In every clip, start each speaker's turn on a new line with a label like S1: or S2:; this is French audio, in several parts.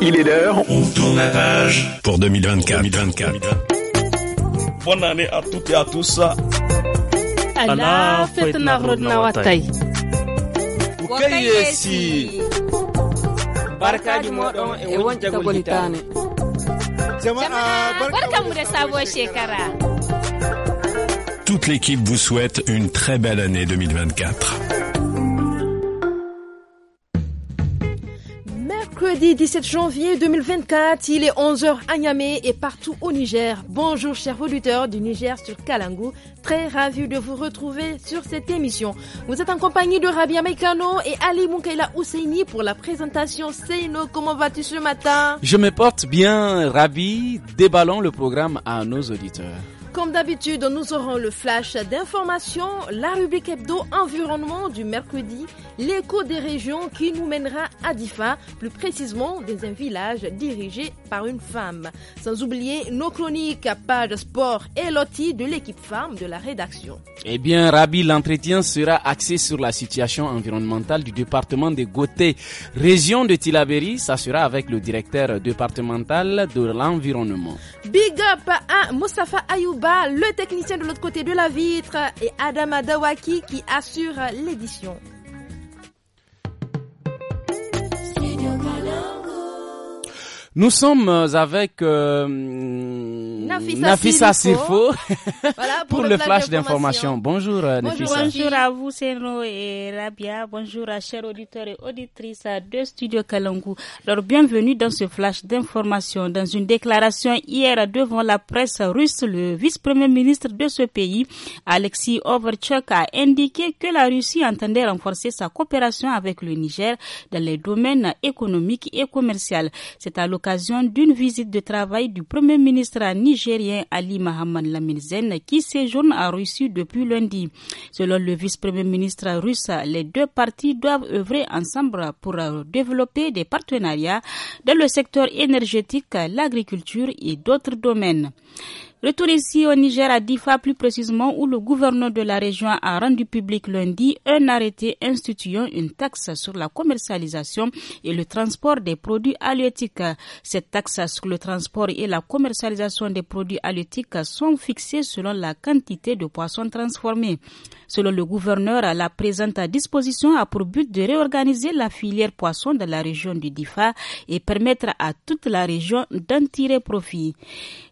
S1: il est l'heure. On tourne à page pour 2024. 2024.
S2: Bonne année à toutes et à tous.
S3: Allah fitna
S2: rodna watay. Ukayesi.
S4: Barkaji modon e wonta golitane. Jama'a
S5: barkamu da sabuwar
S6: shekara.
S2: Toute l'équipe vous souhaite une très belle année
S3: 2024.
S7: mercredi 17 janvier 2024, il est 11h à Niamey et partout au Niger. Bonjour chers auditeurs du Niger sur Kalangu, très ravi de vous retrouver sur cette émission. Vous êtes en compagnie de Rabia Mekano et Ali Moukaila Ousseini pour la présentation. Seino, comment vas-tu ce matin
S8: Je me porte bien, ravi. Déballons le programme à nos auditeurs.
S7: Comme d'habitude, nous aurons le flash d'informations, la rubrique hebdo environnement du mercredi, l'écho des régions qui nous mènera à Difa, plus précisément dans un village dirigé par une femme. Sans oublier nos chroniques à page sport et loti de l'équipe femme de la rédaction.
S8: Eh bien, Rabi, l'entretien sera axé sur la situation environnementale du département de Gauté. région de Tilaberi. Ça sera avec le directeur départemental de l'environnement.
S7: Big up à Mustafa Ayoub le technicien de l'autre côté de la vitre, et Adama Dawaki qui assure l'édition.
S8: Nous sommes avec euh, Nafisa, c'est faux.
S4: voilà, pour, le flash d'information.
S8: Euh, Bonjour, Nafisa. Bonjour
S4: à vous, Senro et Rabia. Bonjour à chers auditeurs et auditrices de Studio Kalangu. Alors, bienvenue dans ce flash d'information. Dans une déclaration hier devant la presse russe, le vice-premier ministre de ce pays, Alexis Overchuk, a indiqué que la Russie entendait renforcer sa coopération avec le Niger dans les domaines économiques et commerciaux. C'est à l'occasion d'une visite de travail du premier ministre à Niger Ali Mohamed Laminzen qui séjourne à Russie depuis lundi. Selon le vice-premier ministre russe, les deux parties doivent œuvrer ensemble pour développer des partenariats dans le secteur énergétique, l'agriculture et d'autres domaines. Retour ici au Niger à Difa, plus précisément où le gouverneur de la région a rendu public lundi un arrêté instituant une taxe sur la commercialisation et le transport des produits halieutiques. Cette taxe sur le transport et la commercialisation des produits halieutiques sont fixées selon la quantité de poissons transformés. Selon le gouverneur, la présente disposition a pour but de réorganiser la filière poisson de la région du Difa et permettre à toute la région d'en tirer profit.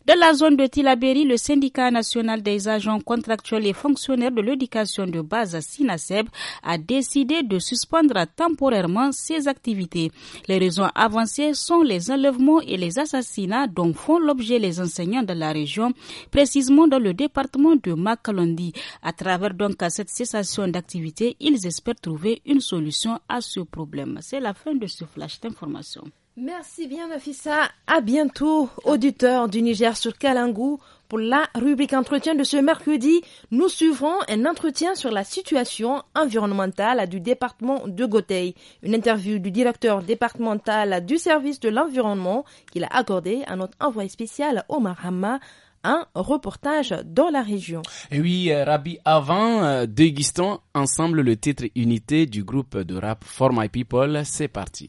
S4: Dans la zone de Tilaberi, le syndicat national des agents contractuels et fonctionnaires de l'éducation de base à SINASEB a décidé de suspendre temporairement ses activités. Les raisons avancées sont les enlèvements et les assassinats dont font l'objet les enseignants de la région, précisément dans le département de Makalondi. À travers donc cette cessation d'activité, ils espèrent trouver une solution à ce problème. C'est la fin de ce flash d'information.
S7: Merci bien, Nafissa. À bientôt, auditeurs du Niger sur Kalangou. Pour la rubrique entretien de ce mercredi, nous suivrons un entretien sur la situation environnementale du département de Gotei. Une interview du directeur départemental du service de l'environnement qu'il a accordé à notre envoyé spécial Omar Hamma un reportage dans la région.
S8: oui, euh, Rabi, avant, euh, déguisons ensemble le titre Unité du groupe de rap For My People. C'est parti.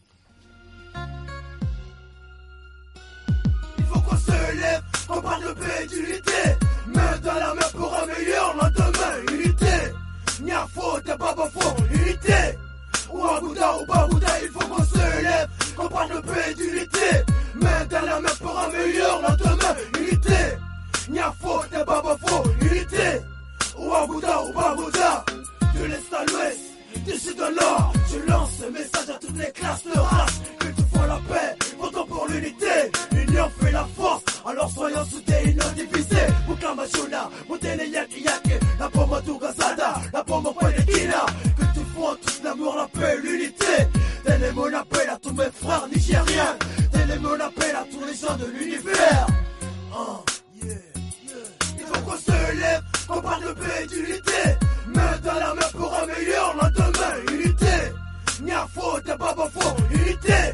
S3: dans la main pour un meilleur lendemain. Unité, a t'es pas fond, unité. Ouabouda, Oubabouda, il faut qu'on se lève, qu'on parle de paix et d'unité. Mais dans la main pour un meilleur lendemain. Unité, Niafo, t'es pas unité. ou Oubabouda, de l'est à l'ouest, du sud de l'or Je lance ce message à toutes les classes de race, que tu font la paix, autant pour l'unité. L'union fait la force alors soyons soudés et non divisés. Mukamba pour Yaki la pomme Tugasada, la pomme au de Kina. Que tu font tout l'amour, la paix, l'unité. Tel est mon appel à tous mes frères nigériens. Tel est mon appel à tous les gens de l'univers. Hein, Il faut qu'on se lève, qu'on parle de paix et d'unité. Mets dans la main pour améliorer meilleur lendemain, unité. Nia faux, t'es pas faux, unité.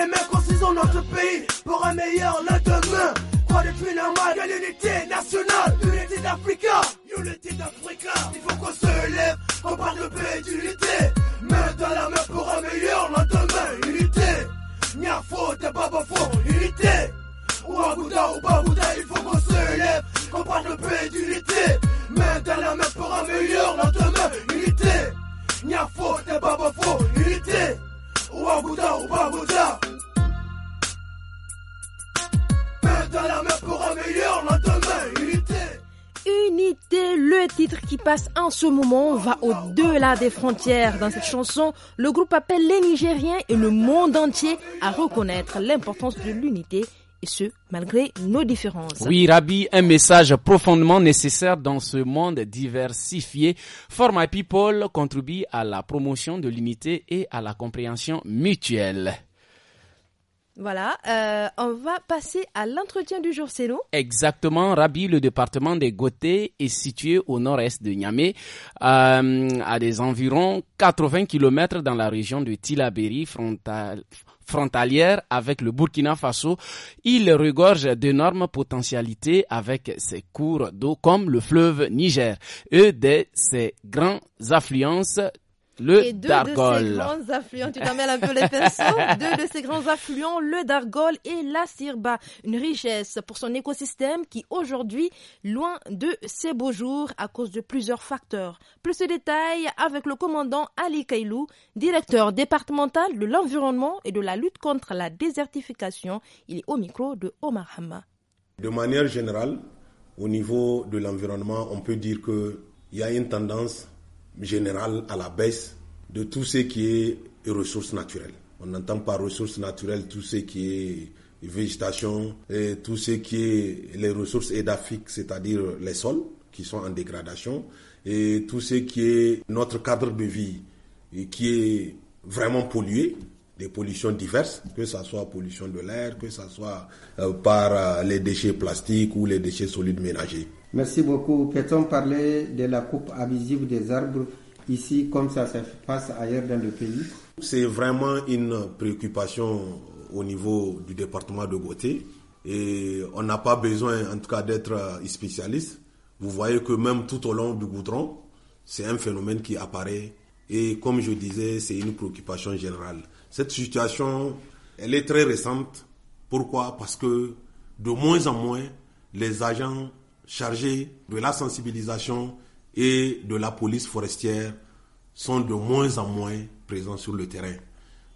S3: les mains, construisons notre pays pour un meilleur lendemain. de plus normal de l'unité nationale, Unité d'Africa, Unité d'Africa. Il faut qu'on se lève, on parle de paix et d'unité. Main dans la main pour un meilleur lendemain, unité. Niafo, baba pas unité. ou ou babouda, il faut qu'on se lève, qu'on parle de paix et d'unité. Main dans la main pour un meilleur lendemain, unité. Niafo, t'es pas unité. ou ou babouda.
S7: le titre qui passe en ce moment va au-delà des frontières. Dans cette chanson, le groupe appelle les Nigériens et le monde entier à reconnaître l'importance de l'unité et ce, malgré nos différences. Oui,
S8: Rabbi, un message profondément nécessaire dans ce monde diversifié. My People contribue à la promotion de l'unité et à la compréhension mutuelle.
S7: Voilà, euh, on va passer à l'entretien du jour, c'est
S8: Exactement, Rabi, le département des Gothées est situé au nord-est de Niamey, euh, à des environs 80 km dans la région de Tilaberi, frontalière avec le Burkina Faso. Il regorge d'énormes potentialités avec ses cours d'eau comme le fleuve Niger et de ses grands affluences et deux de ses grands
S7: affluents, tu t'amènes un peu les de ses grands affluents, le Dargol et la Sirba. Une richesse pour son écosystème qui aujourd'hui, loin de ses beaux jours à cause de plusieurs facteurs. Plus de détails avec le commandant Ali Kailou, directeur départemental de l'environnement et de la lutte contre la désertification. Il est au micro de Omar Hamma.
S2: De manière générale, au niveau de l'environnement, on peut dire qu'il y a une tendance général à la baisse de tout ce qui est ressources naturelles. On n'entend par ressources naturelles tout ce qui est végétation, et tout ce qui est les ressources édaphiques, c'est-à-dire les sols qui sont en dégradation, et tout ce qui est notre cadre de vie et qui est vraiment pollué, des pollutions diverses, que ce soit pollution de l'air, que ce soit
S9: euh, par euh, les déchets plastiques
S2: ou les déchets solides ménagers.
S9: Merci beaucoup. Peut-on parler de la coupe abusive des arbres ici comme ça se passe ailleurs dans le pays C'est vraiment une préoccupation
S2: au niveau du département de Beauté et on n'a pas besoin en tout cas d'être spécialiste. Vous voyez que même tout au long du goudron, c'est un phénomène qui apparaît et comme je disais, c'est une préoccupation générale. Cette situation, elle est très récente. Pourquoi Parce que de moins en moins, les agents chargés de la sensibilisation et de la police forestière sont de moins en moins présents sur le terrain.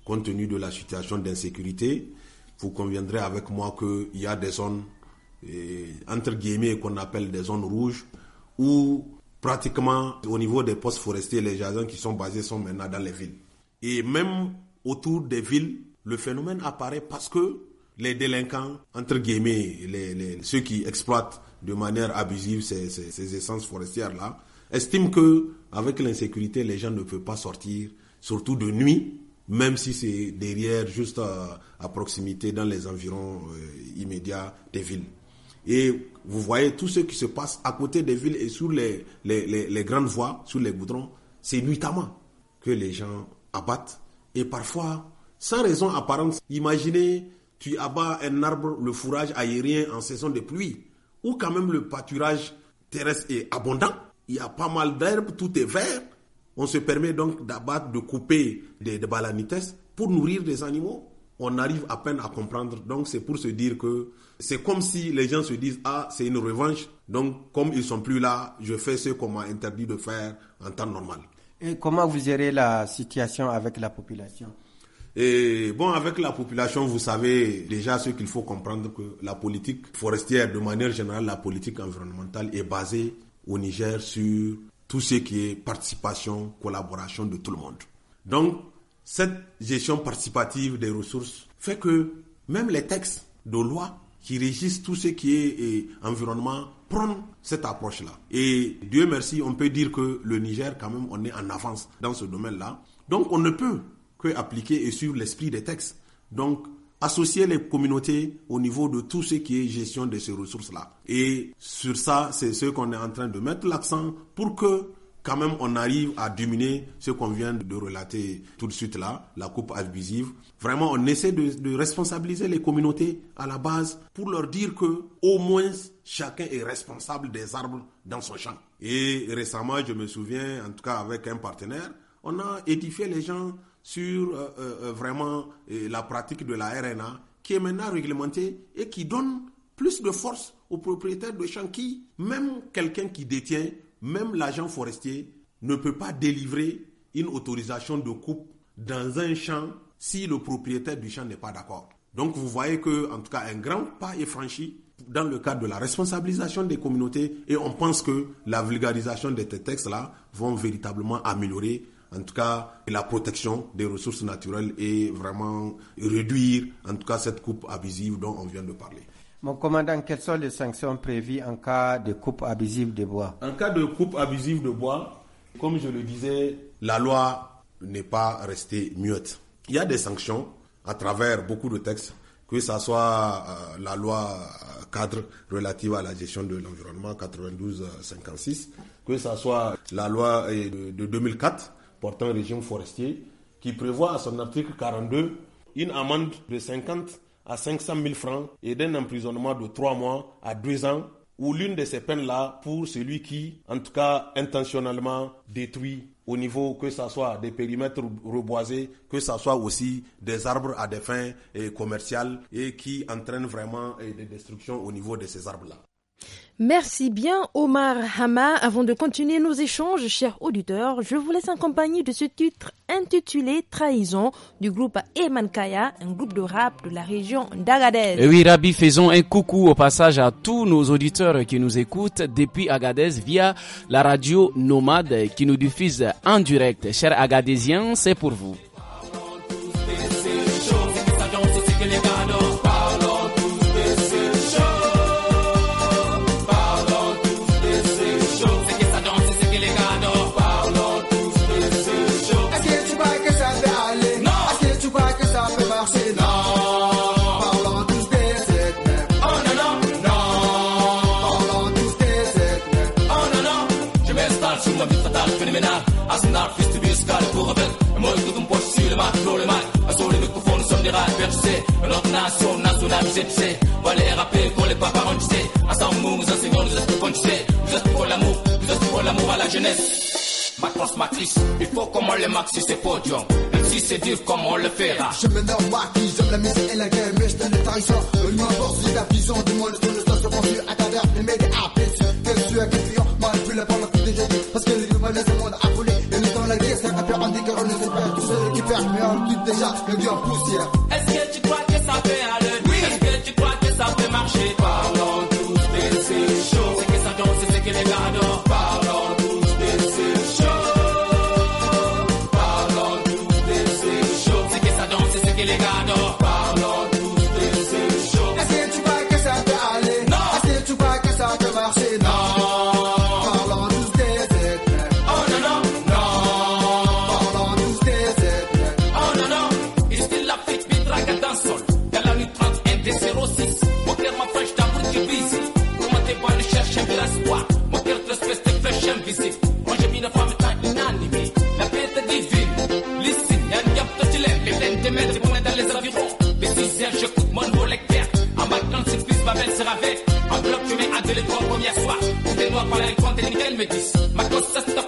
S2: Compte tenu de la situation d'insécurité, vous conviendrez avec moi qu'il y a des zones, eh, entre guillemets, qu'on appelle des zones rouges, où pratiquement au niveau des postes forestiers, les jardins qui sont basés sont maintenant dans les villes. Et même autour des villes, le phénomène apparaît parce que les délinquants, entre guillemets, ceux qui exploitent de manière abusive ces, essences forestières-là, estiment que avec l'insécurité, les gens ne peuvent pas sortir, surtout de nuit, même si c'est derrière, juste à, proximité, dans les environs euh, immédiats des villes. Et vous voyez tout ce qui se passe à côté des villes et sur les, les, grandes voies, sur les goudrons, c'est nuitamment que les gens abattent. Et parfois, sans raison apparente, imaginez, tu abats un arbre, le fourrage aérien en saison de pluie où quand même le pâturage terrestre est abondant. Il y a pas mal d'herbes, tout est vert. On se permet donc d'abattre, de couper des, des balanites pour nourrir des animaux. On arrive à peine à comprendre. Donc c'est pour se dire que c'est comme si les gens se disent ah c'est une revanche. Donc comme ils sont plus là, je fais ce qu'on m'a interdit de faire en temps normal.
S9: Et comment vous gérez la situation avec la population
S2: et bon, avec la population, vous savez déjà ce qu'il faut comprendre que la politique forestière, de manière générale, la politique environnementale est basée au Niger sur tout ce qui est participation, collaboration de tout le monde. Donc, cette gestion participative des ressources fait que même les textes de loi qui régissent tout ce qui est environnement prennent cette approche-là. Et Dieu merci, on peut dire que le Niger, quand même, on est en avance dans ce domaine-là. Donc, on ne peut appliquer et suivre l'esprit des textes. Donc, associer les communautés au niveau de tout ce qui est gestion de ces ressources-là. Et sur ça, c'est ce qu'on est en train de mettre l'accent pour que quand même on arrive à dominer ce qu'on vient de relater tout de suite là, la coupe abusive. Vraiment, on essaie de, de, responsabiliser les communautés à la base pour leur dire que au moins chacun est responsable des arbres dans son champ. Et récemment, je me souviens, en tout cas avec un partenaire, on a édifié les gens sur euh, euh, euh, vraiment la pratique de la RNA qui est maintenant réglementée et qui donne plus de force aux propriétaires de champs qui, même quelqu'un qui détient, même l'agent forestier, ne peut pas délivrer une autorisation de coupe dans un champ si le propriétaire du champ n'est pas d'accord. Donc vous voyez que, en tout cas, un grand pas est franchi dans le cadre de la responsabilisation des communautés et on pense que la vulgarisation de ces textes-là vont véritablement améliorer en tout cas la protection des ressources naturelles et vraiment réduire en tout cas cette coupe abusive dont on vient de
S9: parler. Mon commandant, quelles sont les sanctions prévues en cas de coupe abusive de bois
S2: En cas de coupe abusive de bois, comme je le disais, la loi n'est pas restée muette. Il y a des sanctions à travers beaucoup de textes, que ce soit euh, la loi euh, cadre relative à la gestion de l'environnement 92-56, euh, que ce soit la loi de 2004 portant régime forestier qui prévoit à son article 42 une amende de 50 à 500 000 francs et d'un emprisonnement de 3 mois à 2 ans ou l'une de ces peines-là pour celui qui, en tout cas intentionnellement, détruit au niveau que ce soit des périmètres reboisés, que ce soit aussi des arbres à des fins eh, commerciales et qui entraîne vraiment eh, des destructions au niveau de ces arbres-là.
S7: Merci bien Omar Hama. Avant de continuer nos échanges, chers auditeurs, je vous laisse accompagner de ce titre intitulé Trahison du groupe Eman Kaya, un groupe de rap de la région d'Agadez.
S8: oui Rabbi. faisons un coucou au passage à tous nos auditeurs qui nous écoutent depuis Agadez via la radio Nomade qui nous diffuse en direct. Chers Agadésiens, c'est pour vous.
S10: nous rebelle. un moi, je poche sur le mat, le mat. À les Notre nation nationale, je Va pour les papas, on sait. son mou nous enseignons, nous je Nous l'amour, nous l'amour à la jeunesse. Ma transmatrice, il faut comment le max sur podium, Même si c'est dur, comment on le fera. Je me qui j'aime la musique et la guerre, mais je te Le Une force, la du monde, le à travers les médias. à tu que parce que les le monde a on sais pas tu sais qui perdent, mais on quitte déjà le vieux poussière. Est-ce que tu crois que ça fait aller? Oui. Est-ce que tu crois que ça fait marcher? mas My closest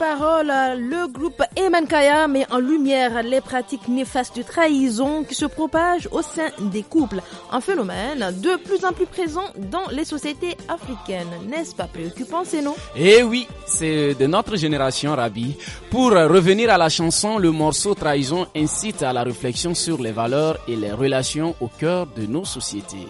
S7: parole, le groupe Emankaya met en lumière les pratiques néfastes de trahison qui se propagent au sein des couples, un phénomène de plus en plus présent dans les sociétés africaines. N'est-ce pas préoccupant ces noms
S8: Eh oui, c'est de notre génération, Rabi. Pour revenir à la chanson, le morceau Trahison incite à la réflexion sur les valeurs et les relations au cœur de nos sociétés.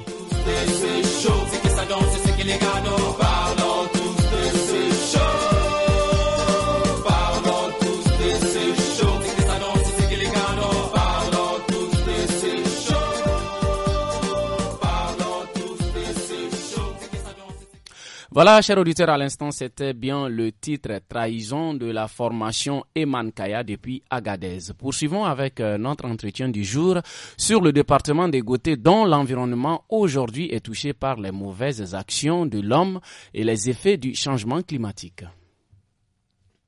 S8: Voilà, chers auditeurs, à l'instant, c'était bien le titre Trahison de la formation Eman Kaya depuis Agadez. Poursuivons avec euh, notre entretien du jour sur le département des Gautés dont l'environnement aujourd'hui est touché par les mauvaises actions de l'homme et les effets du changement climatique.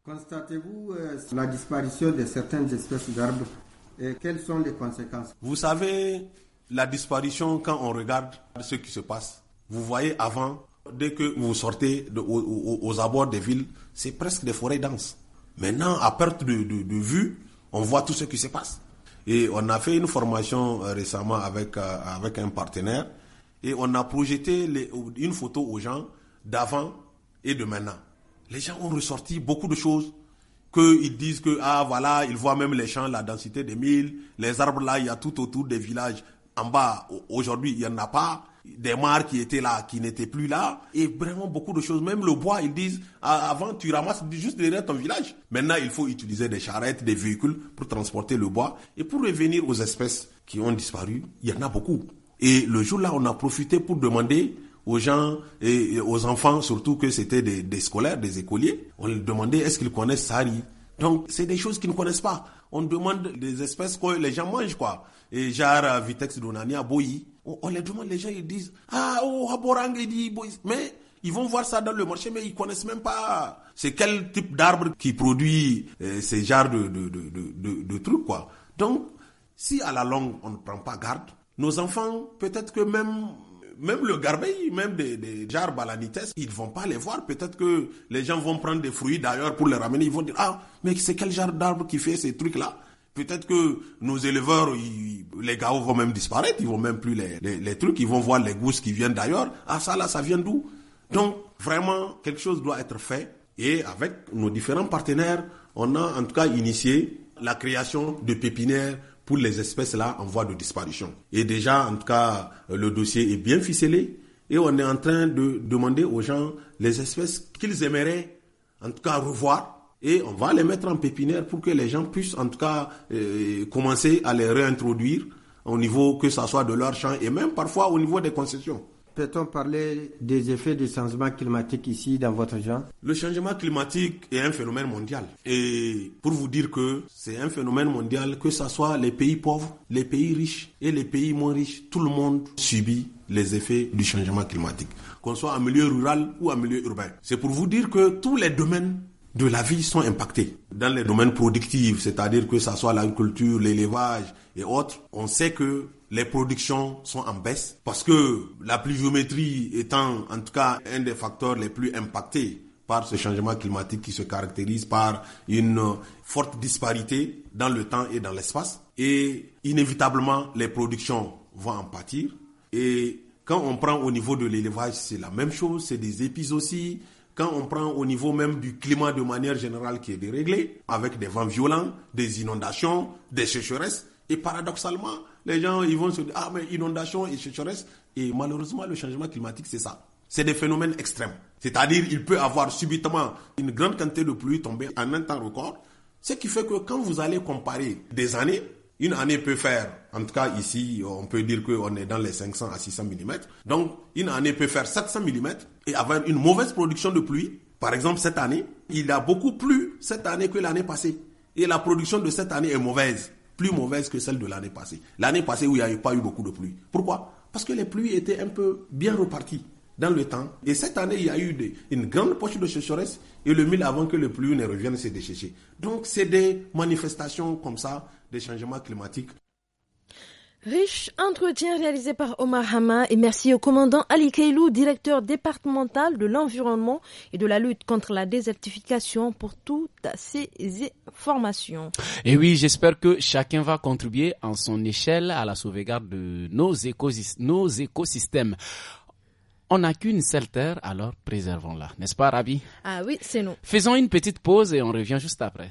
S11: Constatez-vous
S9: euh, la disparition de certaines espèces d'arbres et quelles sont les conséquences Vous
S2: savez, la disparition, quand on regarde ce qui se passe, vous voyez avant, dès que vous sortez aux, abords des villes, c'est presque des forêts denses. Maintenant, à perte de, vue, on voit tout ce qui se passe. Et on a fait une formation euh, récemment avec, euh, avec un partenaire et on a projeté une photo aux gens d'avant et de maintenant. Les gens ont ressorti beaucoup de choses que Ils disent que, ah voilà, ils voient même les champs, la densité des milles, les arbres là, il y a tout autour des villages. En bas, aujourd'hui, il n'y en a pas des mares qui étaient là, qui n'étaient plus là, et vraiment beaucoup de choses. Même le bois, ils disent, ah, avant tu ramasses juste derrière ton village. Maintenant, il faut utiliser des charrettes, des véhicules pour transporter le bois. Et pour revenir aux espèces qui ont disparu, il y en a beaucoup. Et le jour-là, on a profité pour demander aux gens et aux enfants, surtout que c'était des, scolaires, des écoliers, on leur demandait est-ce qu'ils connaissent Sari Donc, c'est des choses qu'ils ne connaissent pas. On demande des espèces que les gens mangent, quoi. Et genre, euh, Vitex donania, Boyi, on oh, oh, les gens ils disent Ah, oh, Haborang, dit Mais ils vont voir ça dans le marché, mais ils connaissent même pas c'est quel type d'arbre qui produit euh, ces genres de, de, de, de, trucs, quoi. Donc, si à la longue, on ne prend pas garde, nos enfants, peut-être que même, même le garbeille, même des, des jarbes à la ils vont pas les voir. Peut-être que les gens vont prendre des fruits d'ailleurs pour les ramener. Ils vont dire, ah, mais c'est quel genre d'arbre qui fait ces trucs-là? Peut-être que nos éleveurs, les gars vont même disparaître, ils vont même plus les, les trucs, ils vont voir les gousses qui viennent d'ailleurs. Ah ça là, ça vient d'où Donc vraiment, quelque chose doit être fait. Et avec nos différents partenaires, on a en tout cas initié la création de pépinières pour les espèces là en voie de disparition. Et déjà, en tout cas, le dossier est bien ficelé et on est en train de demander aux gens les espèces qu'ils aimeraient en tout cas revoir et on va les mettre en pépinière pour que les gens puissent en tout cas euh, commencer à les réintroduire au niveau que ça soit de leur champ et même parfois au niveau des concessions.
S9: Peut-on parler des effets du changement climatique ici dans votre genre
S2: Le changement climatique est un phénomène mondial. Et pour vous dire que c'est un phénomène mondial, que ce soit les pays pauvres, les pays riches et les pays moins riches, tout le monde subit les effets du changement climatique, qu'on soit en milieu rural ou en milieu urbain. C'est pour vous dire que tous les domaines de la vie sont impactés. Dans les domaines productifs, c'est-à-dire que ce soit l'agriculture, l'élevage et autres, on sait que les productions sont en baisse parce que la pluviométrie étant en tout cas un des facteurs les plus impactés par ce changement climatique qui se caractérise par une forte disparité dans le temps et dans l'espace. Et inévitablement, les productions vont en pâtir. Et quand on prend au niveau de l'élevage, c'est la même chose, c'est des épices aussi, quand on prend au niveau même du climat de manière générale qui est déréglé, avec des vents violents, des inondations, des sécheresses, et paradoxalement, les gens ils vont se dire, ah mais inondations et sécheresses, et malheureusement le changement climatique c'est ça. C'est des phénomènes extrêmes. C'est-à-dire, il peut avoir subitement une grande quantité de pluie tombée en un temps record, ce qui fait que quand vous allez comparer des années, une année peut faire, en tout cas ici, on peut dire qu'on est dans les 500 à 600 mm. Donc, une année peut faire 700 mm et avoir une mauvaise production de pluie. Par exemple, cette année, il a beaucoup plu cette année que l'année passée. Et la production de cette année est mauvaise, plus mauvaise que celle de l'année passée. L'année passée où il n'y avait pas eu beaucoup de pluie. Pourquoi Parce que les pluies étaient un peu bien reparties dans le temps. Et cette année, il y a eu une grande poche de sécheresse et le mille avant que les pluies ne reviennent s'est déchécher. Donc, c'est des manifestations comme ça des changements climatiques.
S7: Riche entretien réalisé par Omar Hama et merci au commandant Ali Keilou, directeur départemental de l'environnement et de la lutte contre la désertification pour toutes ces informations.
S8: Et oui, j'espère que chacun va contribuer en son échelle à la sauvegarde de nos, nos écosystèmes. On n'a qu'une seule terre, alors préservons-la. N'est-ce pas, Rabi?
S7: Ah oui, c'est nous.
S8: Faisons une petite pause et on revient juste après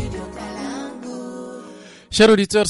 S8: Chers auditeurs,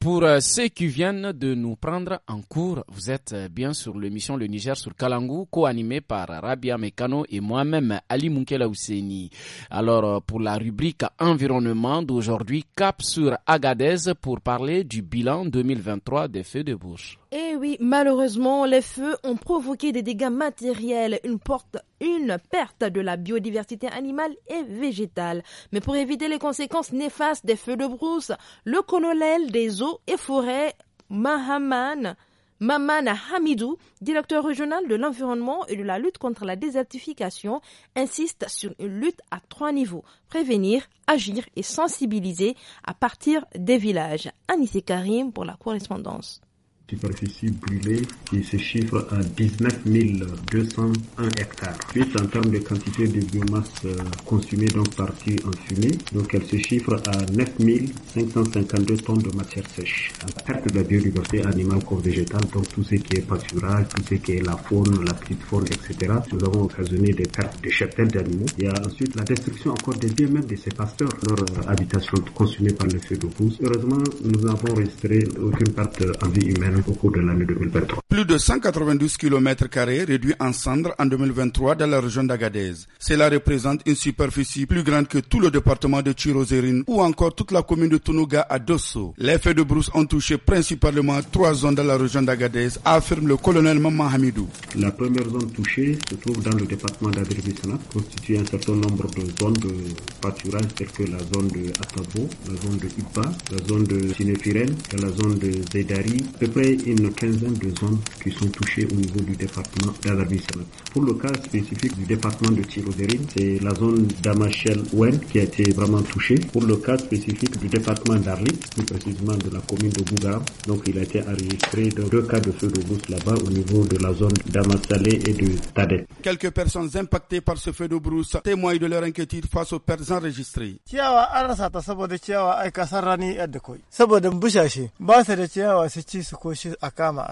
S8: pour euh, ceux qui viennent de nous prendre en cours, vous êtes euh, bien sur l'émission Le Niger sur Kalangou, co-animée par Rabia Mekano et moi-même Ali Moukela Ouseni. Alors, euh, pour la rubrique environnement d'aujourd'hui, cap sur Agadez pour parler du bilan 2023 des feux de bouche.
S7: Eh oui, malheureusement, les feux ont provoqué des dégâts matériels. Une porte une perte de la biodiversité animale et végétale. Mais pour éviter les conséquences néfastes des feux de brousse, le colonel des eaux et forêts, Mahaman, Maman Hamidou, directeur régional de l'environnement et de la lutte contre la désertification, insiste sur une lutte à trois niveaux prévenir, agir et sensibiliser à partir des villages. Anissé Karim pour la correspondance
S12: superficie brûlée, qui se chiffre à 19 201 hectares. Ensuite, en termes de quantité de biomasse euh, consommée donc partie en fumée, donc elle se chiffre à 9 552 tonnes de matière sèche. La perte de la biodiversité animale comme végétale, donc tout ce qui est pâturage, tout ce qui est la faune, la petite faune, etc. Nous avons occasionné des pertes de cheptels d'animaux. Il y a ensuite la destruction
S11: encore des biens même de ces pasteurs,
S12: leur euh, habitation consumée par le feu de pousse. Heureusement, nous n'avons resté aucune perte en vie humaine année au cours de l'année 2023.
S11: plus de 192 km réduits en cendres en 2023 dans la région d'Agadez. Cela représente une superficie plus grande que tout le département de Chirozérine ou encore toute la commune de Tunuga à Dosso. Les de brousse ont touché principalement trois zones dans la région d'Agadez, affirme le colonel Maman
S12: La première zone touchée se trouve dans le département dagadez constitue un certain nombre de zones de pâturage telles que la zone de Atabo, la zone de Ipa, la zone de et la zone de Zedari, à peu près une quinzaine de zones qui sont touchés au niveau du département d'Arabie pour le cas spécifique du département de Tiroderine, c'est la zone d'Amachel-Ouen qui a été vraiment touchée. Pour le cas spécifique du département d'Arlit, plus précisément de la commune de Bougar, donc il a été enregistré dans deux cas de feu de brousse là-bas au niveau de la zone d'Amassalé et de Tadet.
S11: Quelques personnes impactées par ce feu de brousse témoignent de leur inquiétude face aux pertes enregistrées. Akama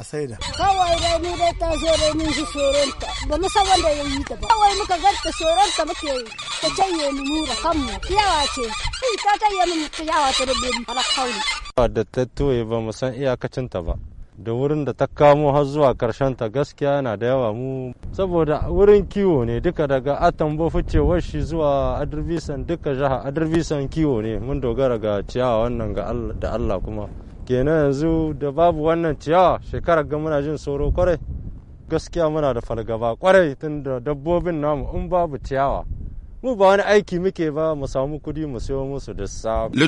S5: san wanda ya yi ta ba kawai muka garta ta muke yi ta canye mu
S6: mura kanmu ciyawa ce Sai ta canye mu ciyawa ta rubutu
S9: da ta toye ba mu san iyakacin ta ba da wurin da ta kamo har zuwa karshen ta gaskiya yana da yawa mu saboda wurin kiwo ne duka daga atambo ficewar shi zuwa adirbisan duka jaha adirbisan kiwo ne mun dogara ga ciyawa wannan ga da allah kuma kenan yanzu da babu wannan ciyawa shekarar ga muna jin tsoro kwarai Le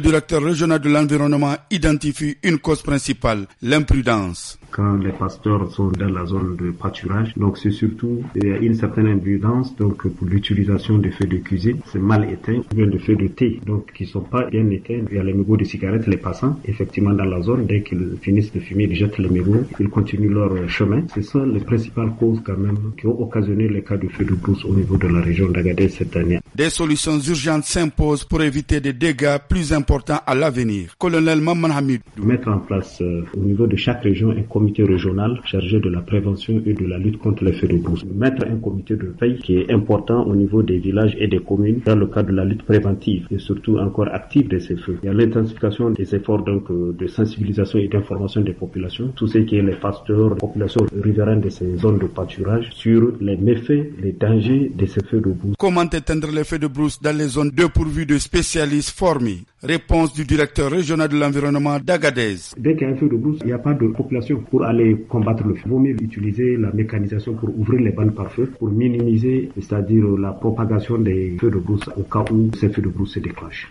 S11: directeur régional de l'environnement identifie une cause principale, l'imprudence quand les pasteurs sont
S12: dans la zone de pâturage. Donc c'est surtout il une certaine indulgence donc pour l'utilisation des feux de cuisine, c'est mal éteint, ou bien des feux de thé, donc qui sont pas bien éteints. Il y a les mégots de cigarettes, les passants, effectivement dans la zone, dès qu'ils finissent de fumer, ils jettent les mégots, ils continuent leur chemin. Ce sont les principales causes quand même qui ont occasionné les cas de feux de brousse au niveau de la région d'Agadez cette année.
S11: Des solutions urgentes s'imposent pour éviter des dégâts plus importants à l'avenir. Colonel Hamid. Mettre
S12: en place euh, au niveau de chaque région un comité régional chargé de la prévention et de la lutte contre les feux de brousse. Mettre un comité de veille qui est important au niveau des villages et des communes dans le cadre de la lutte préventive et surtout encore active de ces feux. Il y a l'intensification des efforts donc euh, de sensibilisation et d'information des populations, tout ce qui est les pasteurs, les populations riveraines de ces zones de pâturage sur les méfaits, les dangers de ces feux de brousse.
S11: Comment éteindre les feux de brousse dans les zones dépourvues de spécialistes formés Réponse du directeur régional de l'environnement d'Agadez.
S12: Dès qu'il y a un feu de brousse, il n'y a pas de population pour aller combattre le feu. Il vaut mieux utiliser la mécanisation pour ouvrir les bandes par feu, pour minimiser, c'est-à-dire la propagation des feux de brousse au cas où ces feux de brousse se déclenchent.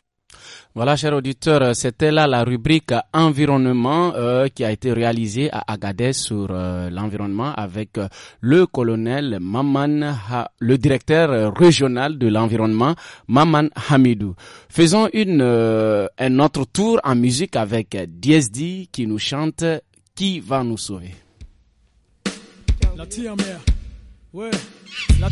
S8: Voilà, chers auditeurs, euh, c'était là la rubrique environnement euh, qui a été réalisée à Agadez sur euh, l'environnement avec le colonel Maman, le directeur régional de l'environnement, Maman Hamidou. Faisons une, un autre tour en musique avec DSD qui nous chante Qui va nous sauver
S1: La mère la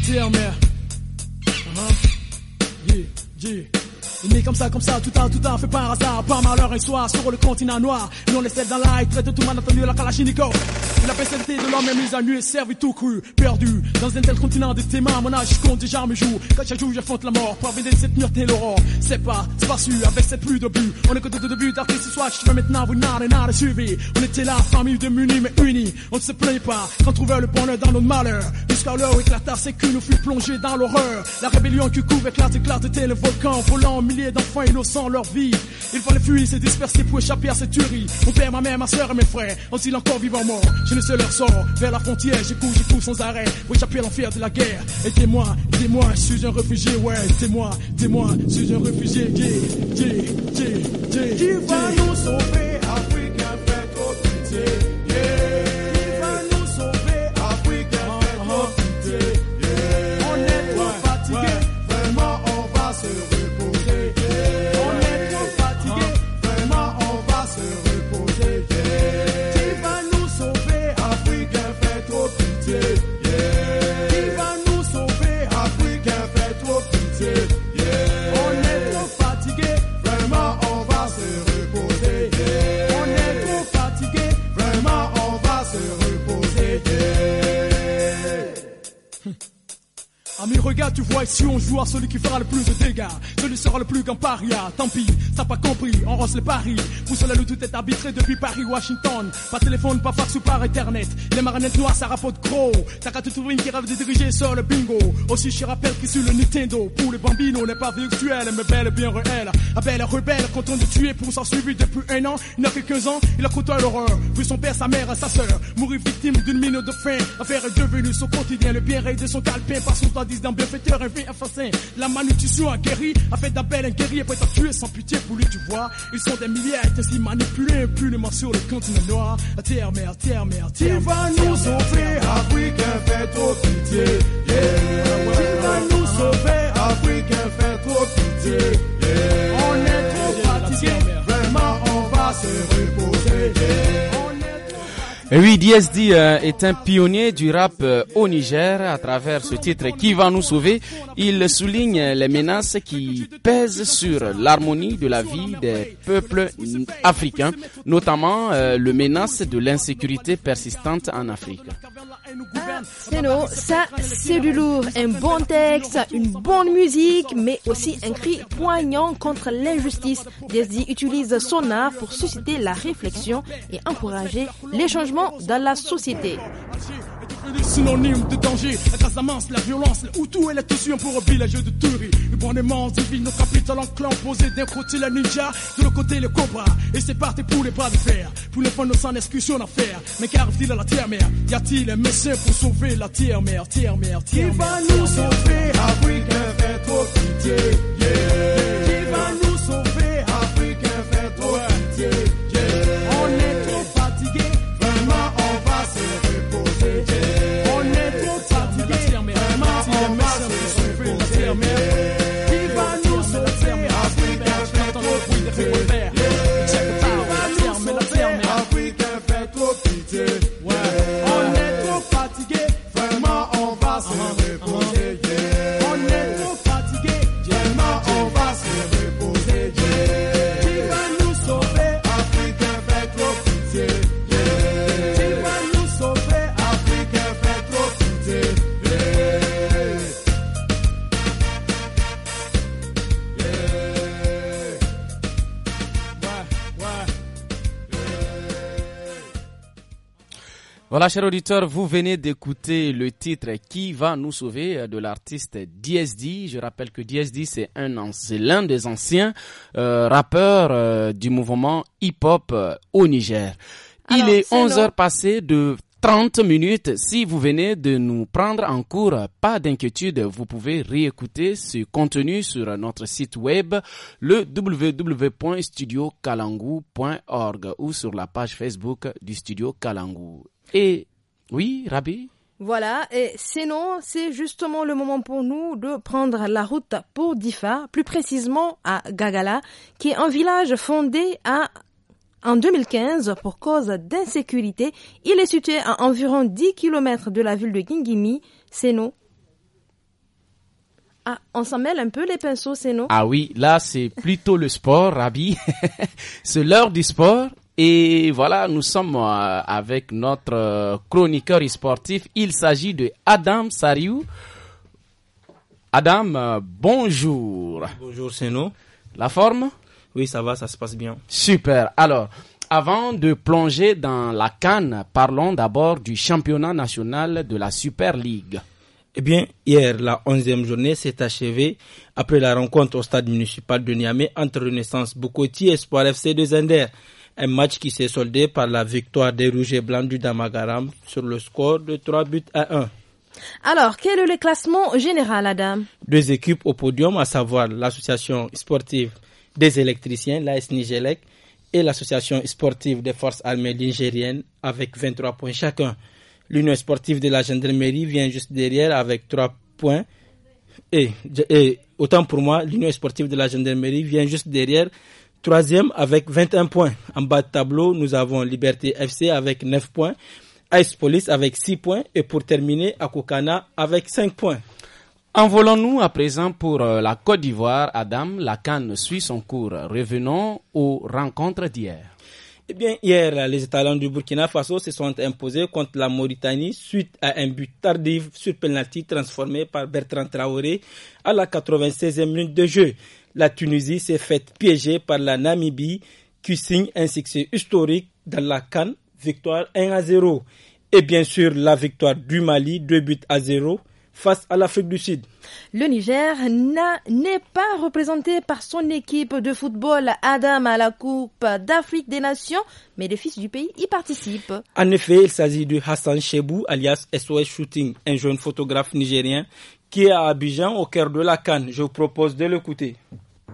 S1: il comme ça, comme ça, tout à tout un, fait par hasard, par malheur et soir, sur le continent noir. Nous on laissait dans l'ail, traite tout mal entendu la kalachnikov. La spécialité de l'homme est mise à nu et servi tout cru, perdu. Dans un tel continent de témoins, mon âge, compte déjà mes jours. Quand je joue, j'affronte la mort, pour éviter cette nuit et l'aurore. C'est pas, c'est pas sûr, avec cette pluie de but. On est côté de début, ce soir, je fais maintenant, vous n'avez rien suivre. On était là, famille de mais unis. On ne se plaint pas, quand trouvait le bonheur dans notre malheur. Jusqu'à l'heure éclata, c'est que nous fut plongés dans l'horreur. La rébellion qui couvre éclate, éclate, tel le volcan volant, d'enfants innocents leur vie. Il fallait fuir, se disperser pour échapper à cette tuerie. Mon père, ma mère, ma soeur et mes frères, ont-ils encore vivant mort Je ne sais leur sort. Vers la frontière, j'ai cours, sans arrêt pour échapper à l'enfer de la guerre. Aidez-moi, aidez-moi, je suis un réfugié, ouais. Aidez-moi, aidez-moi,
S13: je suis un réfugié, Qui va nous sauver, Afrique, fait uh-huh. On est trop fatigué, vraiment on va se
S1: regarde, tu vois, ici on joue à celui qui fera le plus de dégâts, celui sera le plus qu'un paria. Tant pis, t'as pas compris, on rose les paris. Pour cela, le tout est arbitré depuis Paris, Washington. Pas téléphone, pas fax ou par internet. Les marionnettes noires, ça rapporte gros. T'as qu'à tout trouver qui rêve de diriger sur le bingo. Aussi, je rappelle qu'ici le Nintendo, pour les bambinos, n'est pas virtuel, mais belle, bien réel. La bel rebelle, content de tuer pour s'en suivre depuis un an. Il n'a que 15 ans, il a côtoyé l'horreur. Vu son père, sa mère, et sa sœur, mourir victime d'une mine de faim. Affaire est devenue son quotidien. Le bien réel de son calepin passe son temps bienfaiteur, un vieux assassin. La malnutrition a guéri, a fait d'appel un guerrier, prêt à tué, sans pitié pour lui, tu vois. Ils sont des milliers à être ainsi manipulés impunément sur le continent noir. À terre, mais à terre, mais à terre. Tu vas nous sauver, Africain,
S13: fait trop pitié. Yeah, ouais, tu vas nous sauver, Africain, fait trop pitié. Yeah. On est trop fatigué, vraiment on va se
S8: oui, DSD euh, est un pionnier du rap euh, au Niger à travers ce titre qui va nous sauver. Il souligne les menaces qui pèsent sur l'harmonie de la vie des peuples africains, notamment euh, le menace de l'insécurité persistante en Afrique.
S7: Sinon, ça, c'est du lourd. Un bon texte, une bonne musique, mais aussi un cri poignant contre l'injustice. Desi utilise son art pour susciter la réflexion et encourager les changements dans la société. Synonyme synonymes de
S1: danger. La Casamance, la violence, où tout et la tension pour pour village de Une Le immense divine, notre capitale en clan posé d'un côté la ninja, de l'autre côté le cobra. Et c'est parti pour les bras de fer. Pour les fans, sans excursion à faire. Mais qu'arrive-t-il à la terre-mère Y a-t-il un médecin pour sauver la terre-mère,
S13: terre-mère, Qui va nous sauver Afrique, fait trop pitié,
S8: Voilà, chers auditeurs, vous venez d'écouter le titre Qui va nous sauver de l'artiste DSD. Je rappelle que DSD, c'est un l'un des anciens euh, rappeurs euh, du mouvement hip-hop euh, au Niger. Il est 11 heures passées de 30 minutes. Si vous venez de nous prendre en cours, pas d'inquiétude, vous pouvez réécouter ce contenu sur notre site web le www.studiocalangou.org ou sur la page Facebook du Studio Kalangu. Et oui, Rabi.
S7: Voilà, et sinon, c'est justement le moment pour nous de prendre la route pour Difa, plus précisément à Gagala, qui est un village fondé en 2015 pour cause d'insécurité. Il est situé à environ 10 km de la ville de Gingimi, Seno. Ah, on s'en mêle un peu les pinceaux, Seno. Ah oui,
S8: là c'est plutôt le sport, Rabi. c'est l'heure du sport et voilà, nous sommes euh, avec notre euh, chroniqueur sportif. Il s'agit de Adam Sariou. Adam, euh, bonjour. Bonjour, c'est
S9: nous. La forme Oui, ça va, ça se passe bien.
S8: Super. Alors, avant de plonger dans la canne, parlons d'abord du championnat national de la Super League.
S9: Eh bien, hier, la onzième journée s'est achevée après la rencontre au stade municipal de Niamey entre Renaissance Bukoti et Espoir FC de Zender. Un match qui s'est soldé par la victoire des Rouges et Blancs du Damagaram sur le score de 3 buts à 1.
S7: Alors, quel est le classement général, Adam
S9: Deux équipes au podium, à savoir l'association sportive des électriciens, l'AS Nigelec, et l'association sportive des forces armées nigériennes avec 23 points chacun. L'union sportive de la gendarmerie vient juste derrière avec 3 points. Et, et autant pour moi, l'union sportive de la gendarmerie vient juste derrière Troisième avec 21 points. En bas de tableau, nous avons Liberté FC avec 9 points, Ice Police avec 6 points et pour terminer, Akokana avec 5 points. Envolons-nous à présent pour euh, la Côte d'Ivoire. Adam, la canne suit son cours. Revenons aux rencontres d'hier. Eh bien, hier, les étalons du Burkina Faso se sont imposés contre la Mauritanie suite à un but tardif sur penalty transformé par Bertrand Traoré à la 96e minute de jeu la Tunisie s'est faite piéger par la Namibie qui signe un succès historique dans la Cannes, victoire 1 à 0. Et bien sûr, la victoire du Mali, 2 buts à 0 face à l'Afrique du Sud.
S7: Le Niger n'est pas représenté par son équipe de football Adam à la Coupe d'Afrique des Nations, mais les fils du pays y participent.
S9: En effet, il s'agit de Hassan Chebou, alias SOS Shooting, un jeune photographe nigérien qui est à Abidjan au cœur de la Cannes. Je vous propose de l'écouter.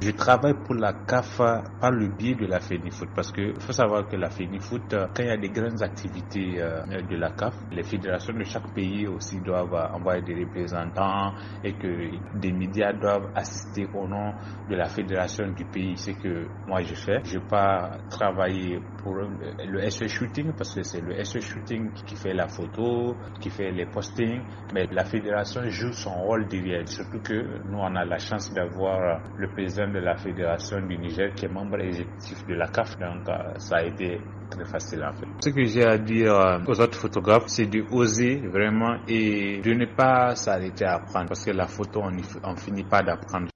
S9: Je travaille pour la CAF par le biais de la FENIFOOT parce que faut savoir que la FENIFOOT,
S14: euh, quand il y a des grandes activités euh, de la CAF, les fédérations de chaque pays aussi doivent euh, envoyer des représentants et que des médias doivent assister au nom de la fédération du pays. C'est que moi je fais. Je pas travailler pour le SE shooting parce que c'est le SE shooting qui fait la photo, qui fait les postings, mais la fédération joue son rôle derrière. Surtout que nous on a la chance d'avoir le président de la Fédération du Niger qui est membre exécutif de la CAF, donc euh, ça a été très facile en fait. Ce que j'ai à dire euh, aux autres photographes, c'est d'oser vraiment et de ne pas s'arrêter à apprendre parce que la photo, on ne finit pas d'apprendre.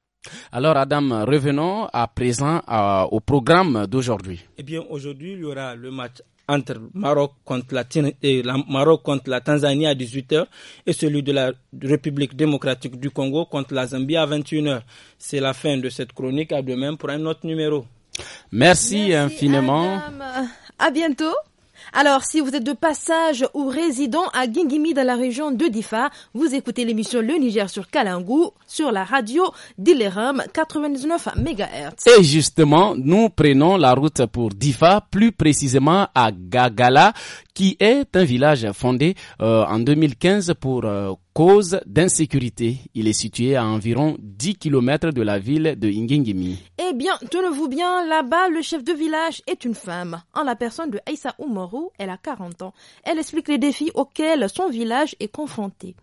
S8: Alors Adam,
S9: revenons à présent au programme d'aujourd'hui. Eh bien, aujourd'hui, il y aura le match entre Maroc contre la, Maroc contre la Tanzanie à 18h et celui de la République démocratique du Congo contre la Zambie à 21h. C'est la fin de cette chronique. À demain pour un autre numéro. Merci, infiniment.
S7: Adam. À bientôt. Alors, si vous êtes de passage ou résident à Gingimi dans la région de Difa, vous écoutez l'émission Le Niger sur Kalangu sur la radio d'Ileram 99 MHz.
S8: Et justement, nous prenons la route pour Difa, plus précisément à Gagala, qui est un village fondé euh, en 2015 pour euh, cause d'insécurité. Il est situé à environ 10 km de la ville de Ingengimi.
S7: Eh bien, tenez-vous bien, là-bas, le chef de village est une femme. En la personne de Aïssa Umoru, elle a 40 ans. Elle explique les défis auxquels son village est confronté.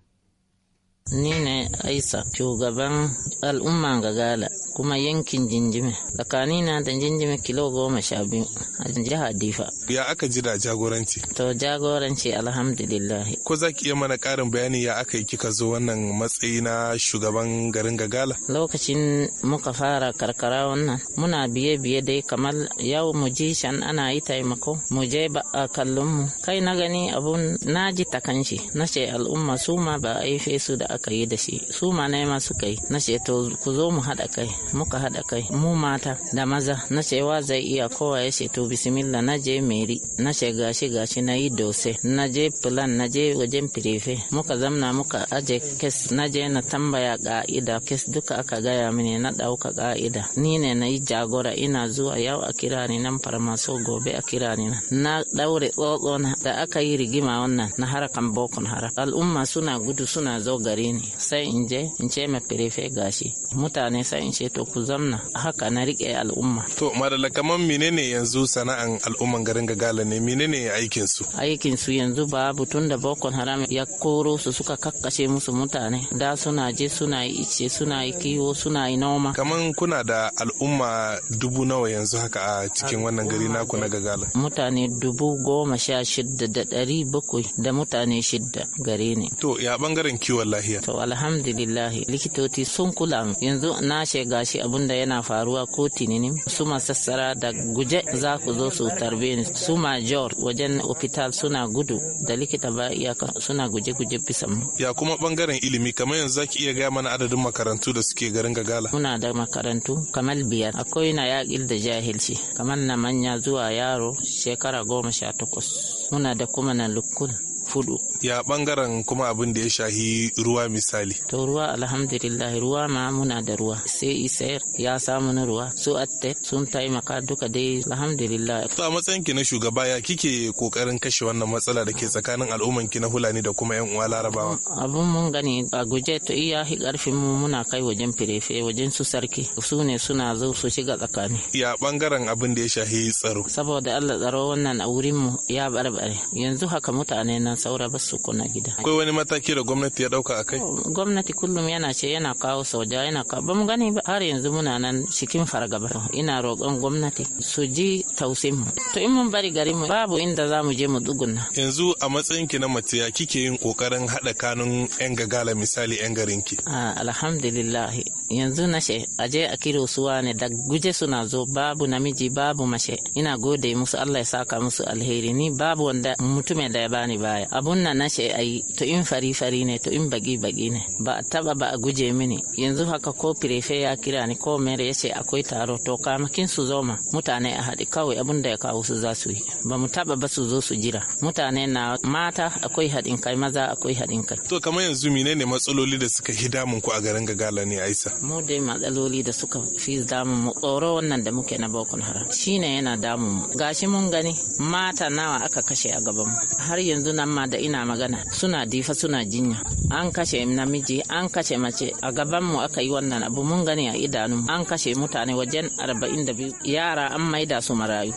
S15: Ni ne Aisa, shugaban al'umma ga gala. kuma yankin Jinjime. na da Jinjime kilo goma sha biyu a jiha Difa. Ya aka ji da jagoranci? To jagoranci alhamdulillah.
S16: Ko za ki iya mana karin bayani ya aka yi kika zo wannan matsayi na shugaban garin Gagala? Lokacin muka fara
S15: karkara wannan muna biye biye dai kamar yau mu ji shan ana yi taimako mu je ba a kallon mu. Kai na gani abun na ji takanci na ce al'umma su ma ba a yi fesu da aka yi da shi su ma na ma suka yi na ce to ku zo mu haɗa kai muka haɗa kai mu mata da maza na ce wa zai iya kowa ya ce to bisimila. na je meri na ce gashi gashi na yi dose na je plan na je wajen firife muka zamna muka aje kes na je na tambaya ka'ida kes duka aka gaya mini na ɗauka ka'ida ni ne na yi jagora ina zuwa yau a kira ni nan farmaso gobe a kira ni nan na ɗaure tsotsona da aka yi rigima wannan na harakan bokon hara al'umma suna gudu suna zo gari gare ni sai in je in ce ma perefe gashi mutane sai in ce to ku zamna haka na rike al'umma to
S16: madalla kaman menene yanzu sana'an al'umman garin gagala ne menene aikin
S15: su aikin su yanzu babu tun da bokon haram ya koro su suka kakkashe musu mutane da suna je suna yi ice suna yi kiwo suna yi noma kaman
S16: kuna da al'umma dubu nawa yanzu
S15: haka a cikin wannan gari naku na gagala mutane dubu goma sha shidda da ɗari bakwai da mutane shida gare ne to ya bangaren kiwon lahiya lafiya? To alhamdulillah likitoci sun kula yanzu na shiga gashi abunda da yana faruwa ko tinini su masassara da guje za ku zo su tarbe ni su major wajen hospital suna gudu da likita ba iyaka suna guje-guje bisa mu.
S16: Ya kuma bangaren ilimi kamar yanzu zaki iya gaya mana adadin makarantu da suke garin Gagala.
S15: Muna da makarantu kamar biyar akwai na yaƙil da jahilci kamar na manya zuwa yaro shekara goma sha takwas. Muna da kuma na lukul fudu.
S16: Ya bangaren kuma abin da ya shahi
S15: ruwa misali. To ruwa alhamdulillah ruwa ma muna da ruwa. Sai isayar ya samu na ruwa. Su atte sun taimaka duka dai alhamdulillah. To a matsayin
S16: ki na shugaba ya kike kokarin kashe wannan matsala da ke tsakanin al'umman ki na Fulani da kuma yan uwa Larabawa.
S15: Abun mun gani a guje to iya karfin mu muna kai wajen firefe wajen su sarki. Su ne suna zo su shiga tsakani. Ya bangaren abin da ya shahi tsaro. Saboda Allah tsaro wannan a wurin mu ya barbare. Yanzu haka mutane na nan saura ba su kuna gida.
S16: Akwai wani mataki da gwamnati ya dauka
S15: a kai? Oh, gwamnati kullum yana ce yana kawo soja yana kawo ba mu gani ba har yanzu muna nan cikin fargaba. Ina roƙon gwamnati su ji tausin mu. To in mun bari gari mu babu inda za mu je mu tsuguna.
S16: Yanzu a matsayin ki na mace ya kike yin kokarin haɗa kanun 'yan gagala misali 'yan garin ki?
S15: Alhamdulillah yanzu na a je a kiro su ne da guje suna zo babu namiji babu mashe. ina gode musu Allah ya saka musu alheri ni babu wanda mutumin da ya bani baya. baya abun na na shi ayi to in fari fari ne to in bagi bagi ne ba taba ba a guje mini yanzu haka ko prefe ya kira ni ko mere ya ce akwai taro to kamakin su zoma mutane a hadi kawai abun da ya kawo su za su yi ba mu taba ba su zo su jira mutane na mata akwai haɗin kai maza akwai haɗin kai. to kamar yanzu
S16: ne matsaloli da suka fi damun ku a garin gagala ne aisa.
S15: mu dai matsaloli da suka fi damun mu tsoro wannan da muke na bokon haram shine yana damun mu gashi mun gani mata nawa aka kashe a gaban mu har yanzu na ma da ina magana suna difa suna jinya an kashe namiji an kashe mace a gaban mu aka yi wannan abu mun gani a idanu an kashe mutane wajen 42 yara an maida su marayu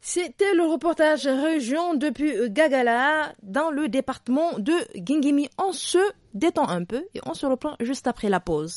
S7: C'était le reportage région depuis Gagala dans le département de Gingimi. On se détend un peu et on se reprend juste après la pause.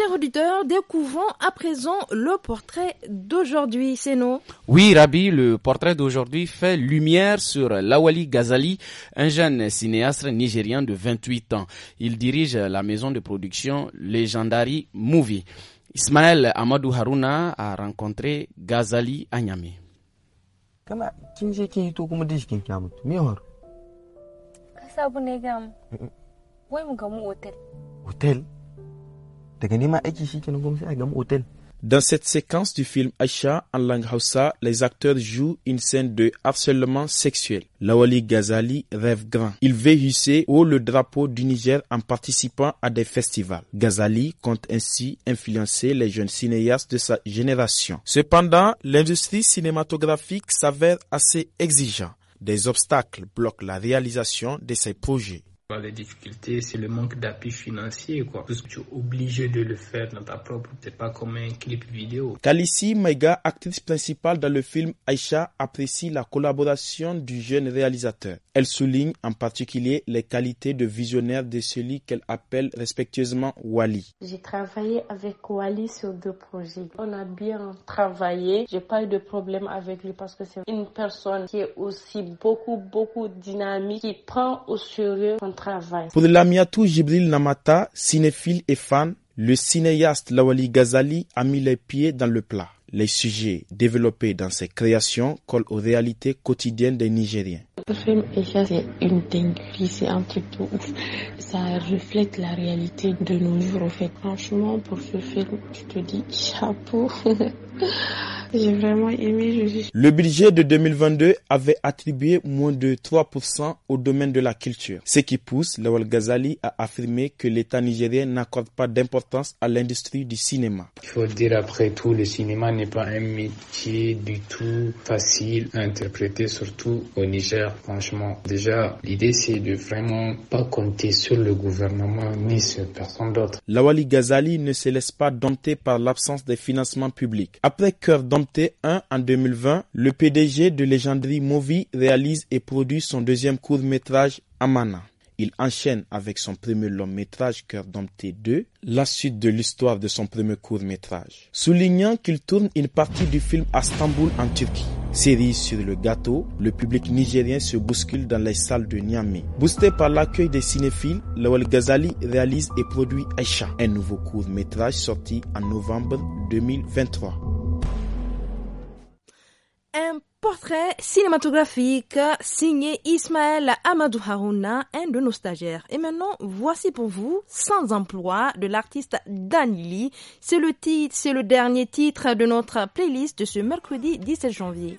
S7: chers auditeurs, découvrons à présent le portrait d'aujourd'hui, c'est nous.
S8: Oui, Rabi, le portrait d'aujourd'hui fait lumière sur Lawali Ghazali, un jeune cinéaste nigérien de 28 ans. Il dirige la maison de production Legendary Movie. Ismaël Amadou Haruna a rencontré Ghazali à
S14: dans cette séquence du film Aisha en langue Hausa, les acteurs jouent une scène de harcèlement sexuel. Lawali Ghazali rêve grand. Il veut hisser haut le drapeau du Niger en participant à des festivals. Ghazali compte ainsi influencer les jeunes cinéastes de sa génération. Cependant, l'industrie cinématographique s'avère assez exigeante. Des obstacles bloquent la réalisation de ses projets
S9: les difficultés, c'est le manque d'appui financier, quoi. Parce que tu es obligé de le faire dans ta propre, c'est pas comme un clip vidéo.
S14: Kalissi Maiga, actrice principale dans le film Aïcha, apprécie la collaboration du jeune réalisateur. Elle souligne en particulier les qualités de visionnaire de celui qu'elle appelle respectueusement Wali.
S15: J'ai travaillé avec Wali sur deux projets. On a bien travaillé. J'ai pas eu de problème avec lui parce que c'est une personne qui est aussi beaucoup, beaucoup dynamique, qui prend au sérieux
S14: pour Lamiatou Jibril Namata, cinéphile et fan, le cinéaste Lawali Ghazali a mis les pieds dans le plat. Les sujets développés dans ses créations collent aux réalités quotidiennes des Nigériens.
S4: Le film Echa, c'est une dinguerie, c'est un truc de Ça reflète la réalité de nos jours, fait. Franchement, pour ce film, je te dis chapeau. J'ai vraiment aimé.
S14: Le budget de 2022 avait attribué moins de 3% au domaine de la culture, ce qui pousse Lawal Ghazali à affirmer que l'État nigérien n'accorde pas d'importance à l'industrie du cinéma.
S8: Il faut dire après tout, le cinéma n'est pas un métier du tout facile à interpréter, surtout au Niger, franchement. Déjà, l'idée c'est de vraiment pas compter sur le gouvernement ni sur personne d'autre.
S14: Lawali Ghazali ne se laisse pas dompter par l'absence des financements publics. Après Cœur Dompté 1 en 2020, le PDG de Légendrie Movie réalise et produit son deuxième court-métrage Amana. Il enchaîne avec son premier long métrage Cœur Dompté 2, la suite de l'histoire de son premier court métrage, soulignant qu'il tourne une partie du film à Istanbul en Turquie. Série sur le gâteau, le public nigérien se bouscule dans les salles de Niamey. Boosté par l'accueil des cinéphiles, Lawal Ghazali réalise et produit Aisha, un nouveau court métrage sorti en novembre 2023
S7: un portrait cinématographique signé Ismaël Amadou Harouna, un de nos stagiaires. Et maintenant, voici pour vous Sans emploi de l'artiste Danili. C'est le titre, c'est le dernier titre de notre playlist de ce mercredi 17 janvier.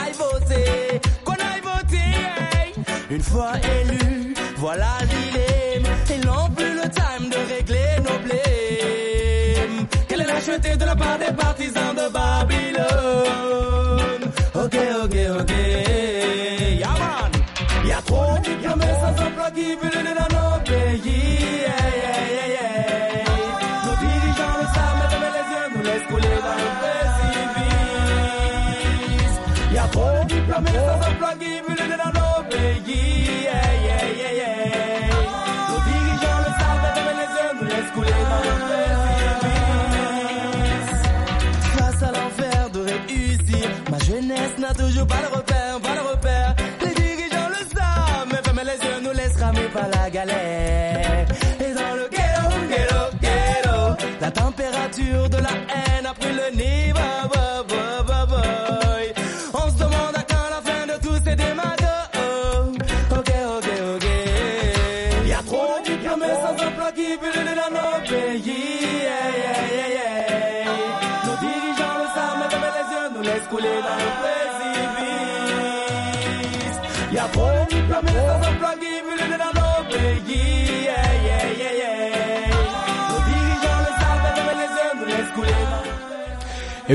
S17: Une fois élu, voilà l'idée. Ils n'ont plus le time de régler nos blés. Quelle est la de la part des partisans de Babylone Ok, ok, ok. Yaman, y'a trop de diplômés sans emploi qui veulent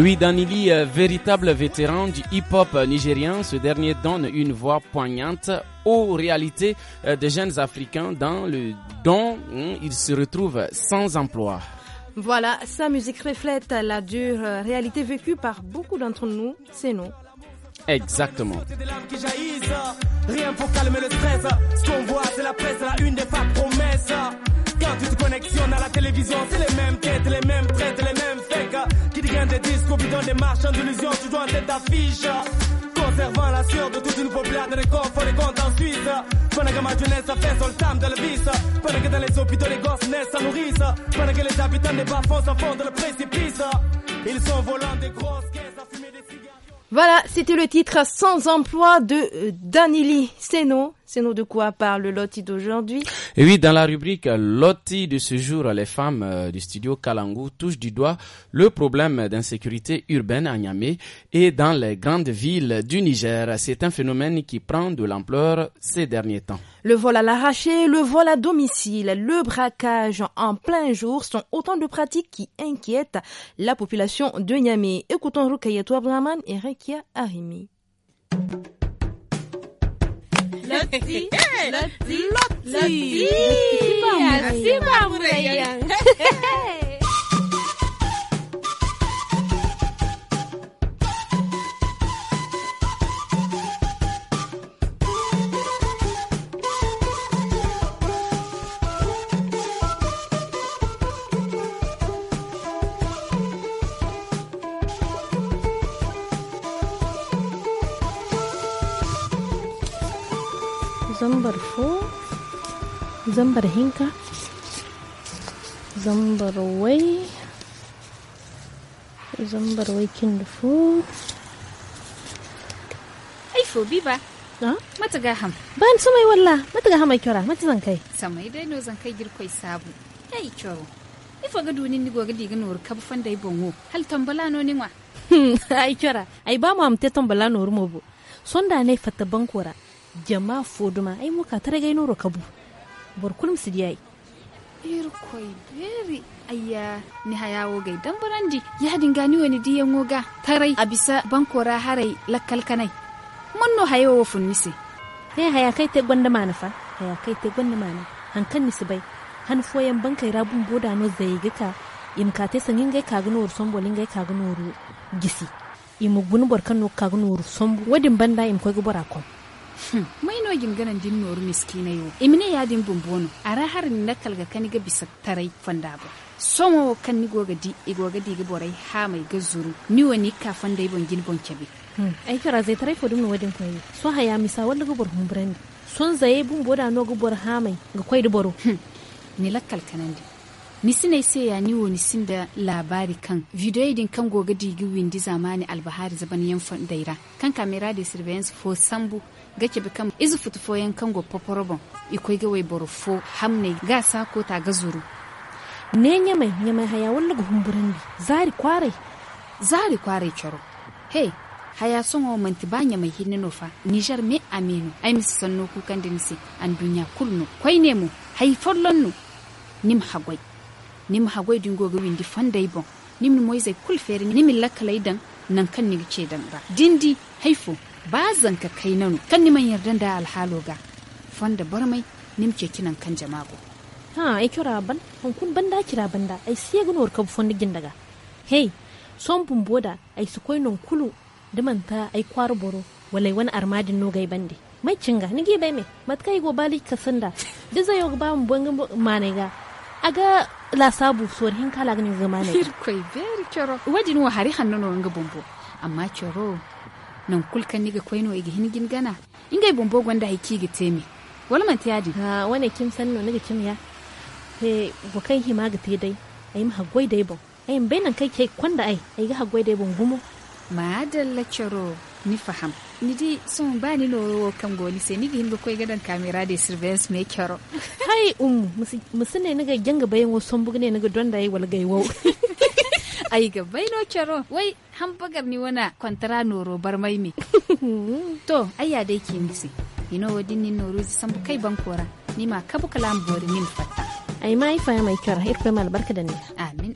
S8: oui, Danili, euh, véritable vétéran du hip-hop euh, nigérien, ce dernier donne une voix poignante aux réalités euh, des jeunes Africains dans le dont hein, ils se retrouvent sans emploi.
S7: Voilà, sa musique reflète la dure réalité vécue par beaucoup d'entre nous, c'est nous.
S8: Exactement.
S17: Rien pour calmer le voit, une Quand tu te à la télévision, c'est les mêmes les mêmes les mêmes Tiens des discours bidons, des marchands d'illusions, tu dois en tête d'affiche. Conservant la sueur de toute une peuplade, les coffres, les comptes en Suisse. Pendant que ma jeunesse fait son tam de la vis. Pendant que dans les hôpitaux, les gosses naissent, à nourrissent. Pendant que les habitants des bas-fonds de le précipice. Ils sont volants des grosses caisses à
S7: fumer des cigares. Voilà, c'était le titre Sans emploi de euh, Danili Seno c'est nous de quoi parle Loti d'aujourd'hui
S8: oui, dans la rubrique Loti de ce jour, les femmes euh, du studio Kalangu touchent du doigt le problème d'insécurité urbaine à Niamey et dans les grandes villes du Niger. C'est un phénomène qui prend de l'ampleur ces derniers temps.
S7: Le vol à l'arraché, le vol à domicile, le braquage en plein jour sont autant de pratiques qui inquiètent la population de Niamey. Écoutons Rukayatou Abraman et Rekia Arimi.
S4: Lottie, Lotsi. Lotsi.
S7: Lotsi. Lotsi.
S10: Lotsi. Lotsi.
S5: zambar fo zambar hinka zambar wai zambar wai kin da fo
S6: aifo fo biba mata ga ham
S5: ban samai walla mata ham ai kyora mata zan kai
S6: samai dai no zan kai girkoi sabu ai kyoro ifa ga dunin ni goga diga nor kab fanda ai bonwo hal tambala no ni wa
S5: hmm, ai kyora ai ba mu am te tambala nor mo bu sonda ne fatta bankora jama foduma ai muka tare gaino noro kabu bor su diyai
S6: ai koi beri ayya ni hayawo gai dan burandi ya gani wani diyan woga tarai a bisa bankora harai lakkal kanai haya hayawo funnise he haya kai te gwanda mana fa haya kai te gwanda mana hankan ni sibai han foyan
S5: bankai rabun boda no zai gika imkate sangin gai kagunor sombolin gai kagunor gisi gunu borkan no kagunor son wadin banda im koi gubara kom
S6: mayno jinganan din noru miskina yo imine yadin bumbono ara harin na kalga kaniga bisa tarai fandabo somo kan ni goga di igoga di borai ha mai gazuru ni wani ka fanda ibon gin bon kebe hmm. ai kara zai tarai fodum no wadin koyi so haya misa walla gubor humbrani son zaye bumbo da no gubor ha mai ga koyi duboro hmm. ni lakkal kanandi nisinai sai ya ni wani sin da labari kan video din kan goga digi windi zamani albahari zaban yan daira kan kamera da surveillance fo sambu gake bi kam izu futu yan kango poporobo ikoi gawai borfo hamne ga sako ta ga zuru ne nyame mai haya wala go humburandi zari kware zari kware choro he haya son o manti banya mai no fa niger me aminu ai mis sanno ku kandinsi an dunya kulno koi ne mu hay follonno nim hagwai nim hagwai dingo ga windi fandai bon nim ni kul fere nim lakkalai dan nan kan ni ce dan ba dindi haifo bazan ka kai nanu kan niman yardan da alhaloga fanda barmai ke kinan kan jamago
S5: ha ai kira ban kun banda kira banda ai sai gunor ka fondi gindaga hey son bumboda ai su koi non kulu ta ai kwar boro walai wani armadin no gai bande mai cinga nige bai me matka yi gobali kasanda da zai ba mu bangin mane ga
S6: aga la sabu sor hin kala ganin zama ne very kero wadin wa hari hannu no wanga amma kero nan kulkan niga kwaino igi hingin gana ingai bombo gwanda haiki ga temi wala man ta ha ah, wane kim san no niga kimiya he
S5: go kai hi te dai ai ma hagwai dai bon ai bai nan kai kai kwanda ai ai ga hagwai dai bon
S6: gumo ma dalla charo ni faham ni di sun ba ni no kan goni sai ni ga koi gadan kamera da surveillance me kyaro hai um musu ne niga janga bayan wasu bugne niga donda ai wal gaiwo ai ga baino kero wai bagar ni wana kwantara noro bar mai me to ayya dai ke misi know din ni noro san kai ban kora ni ma kabu kalam bori min fatta ai mai fa mai kara ifa mal barka da ni amin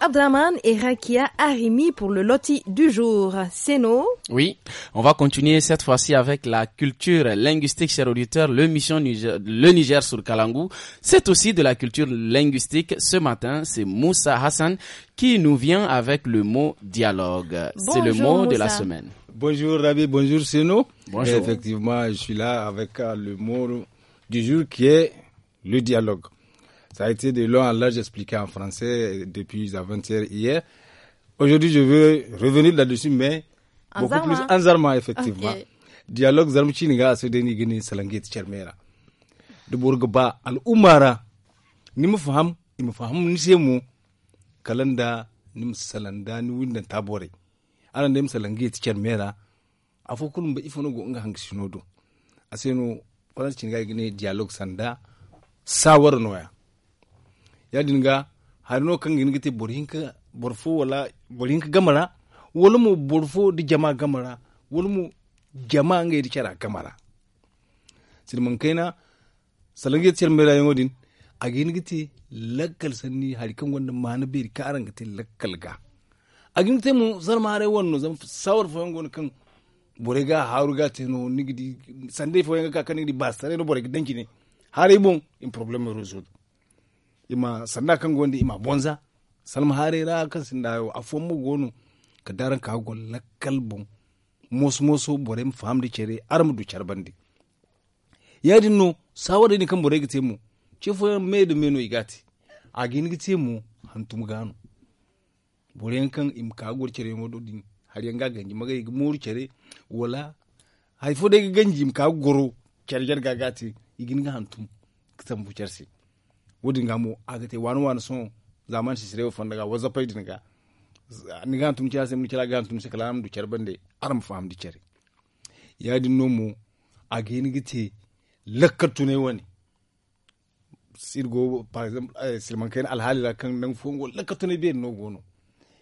S7: Abdraman et Rakia Arimi pour le loti du jour. C'est nous.
S8: Oui, on va continuer cette fois-ci avec la culture linguistique, Cher auditeur, le mission le Niger sur Kalangu. C'est aussi de la culture linguistique. Ce matin, c'est Moussa Hassan qui nous vient avec le mot dialogue. C'est le mot de la semaine.
S18: Bonjour Rabi, bonjour Seno. Bonjour. effectivement, je suis là avec euh, le mot du jour qui est le dialogue. Ça a été de long à large expliqué en français depuis avant-hier, hier. Aujourd'hui, je veux revenir là-dessus, mais beaucoup plus en Zarma, effectivement. Okay. Dialogue Zarmchiniga c'est se dénigé Salanget Chermera. De Bourgba Al-Umara, ni mu faham, ni mu faham, ni se kalanda, ni mu salanda, ni winda tabore. Alandem dem Salanget Chermera, a fo kulum ba ifo no go nga hangi sinodo. dialogue sanda, sawornoya. noya. yadin ga harino kan gini gite borhinka borfo wala borhinka gamara wala mu borfo di jama gamara wala mu jama nga di cara gamara sirman kaina salange tsir mera yangodin a gini gite lakkal sanni harikan wanda mana beri karan gite lakkal ga a gini gite mu zarma harai wani zan sawar fa yangon kan borega haruga teno nigidi sande fa yanga ka kan nigdi basare no borega danki ne haribon in problem resolve ima sanda kan gonde ima bonza hare ra kan sinda dayo afon mu gonu ka daran ka go lakal bon mos moso bore mu di cere aram du charbandi yadin no sawade ni kan bore gite mu chefo me de meno igati agin gite mu hantum gano bore kan im ka go cere mo do din har yanga ganji magai moru cere wala haifo de ganji im ka goro cere jar gagati igin ga hantum kitan si. wodi ngamu agate wanu wan son zaman si sire waza pay dinga ni gan tum ciase mun du cerbande aram fam di ceri ya nomu ageni gite lakkatu ne wani sirgo par exemple eh, silman kain alhali la kan nan fongo lakkatu ne be no gono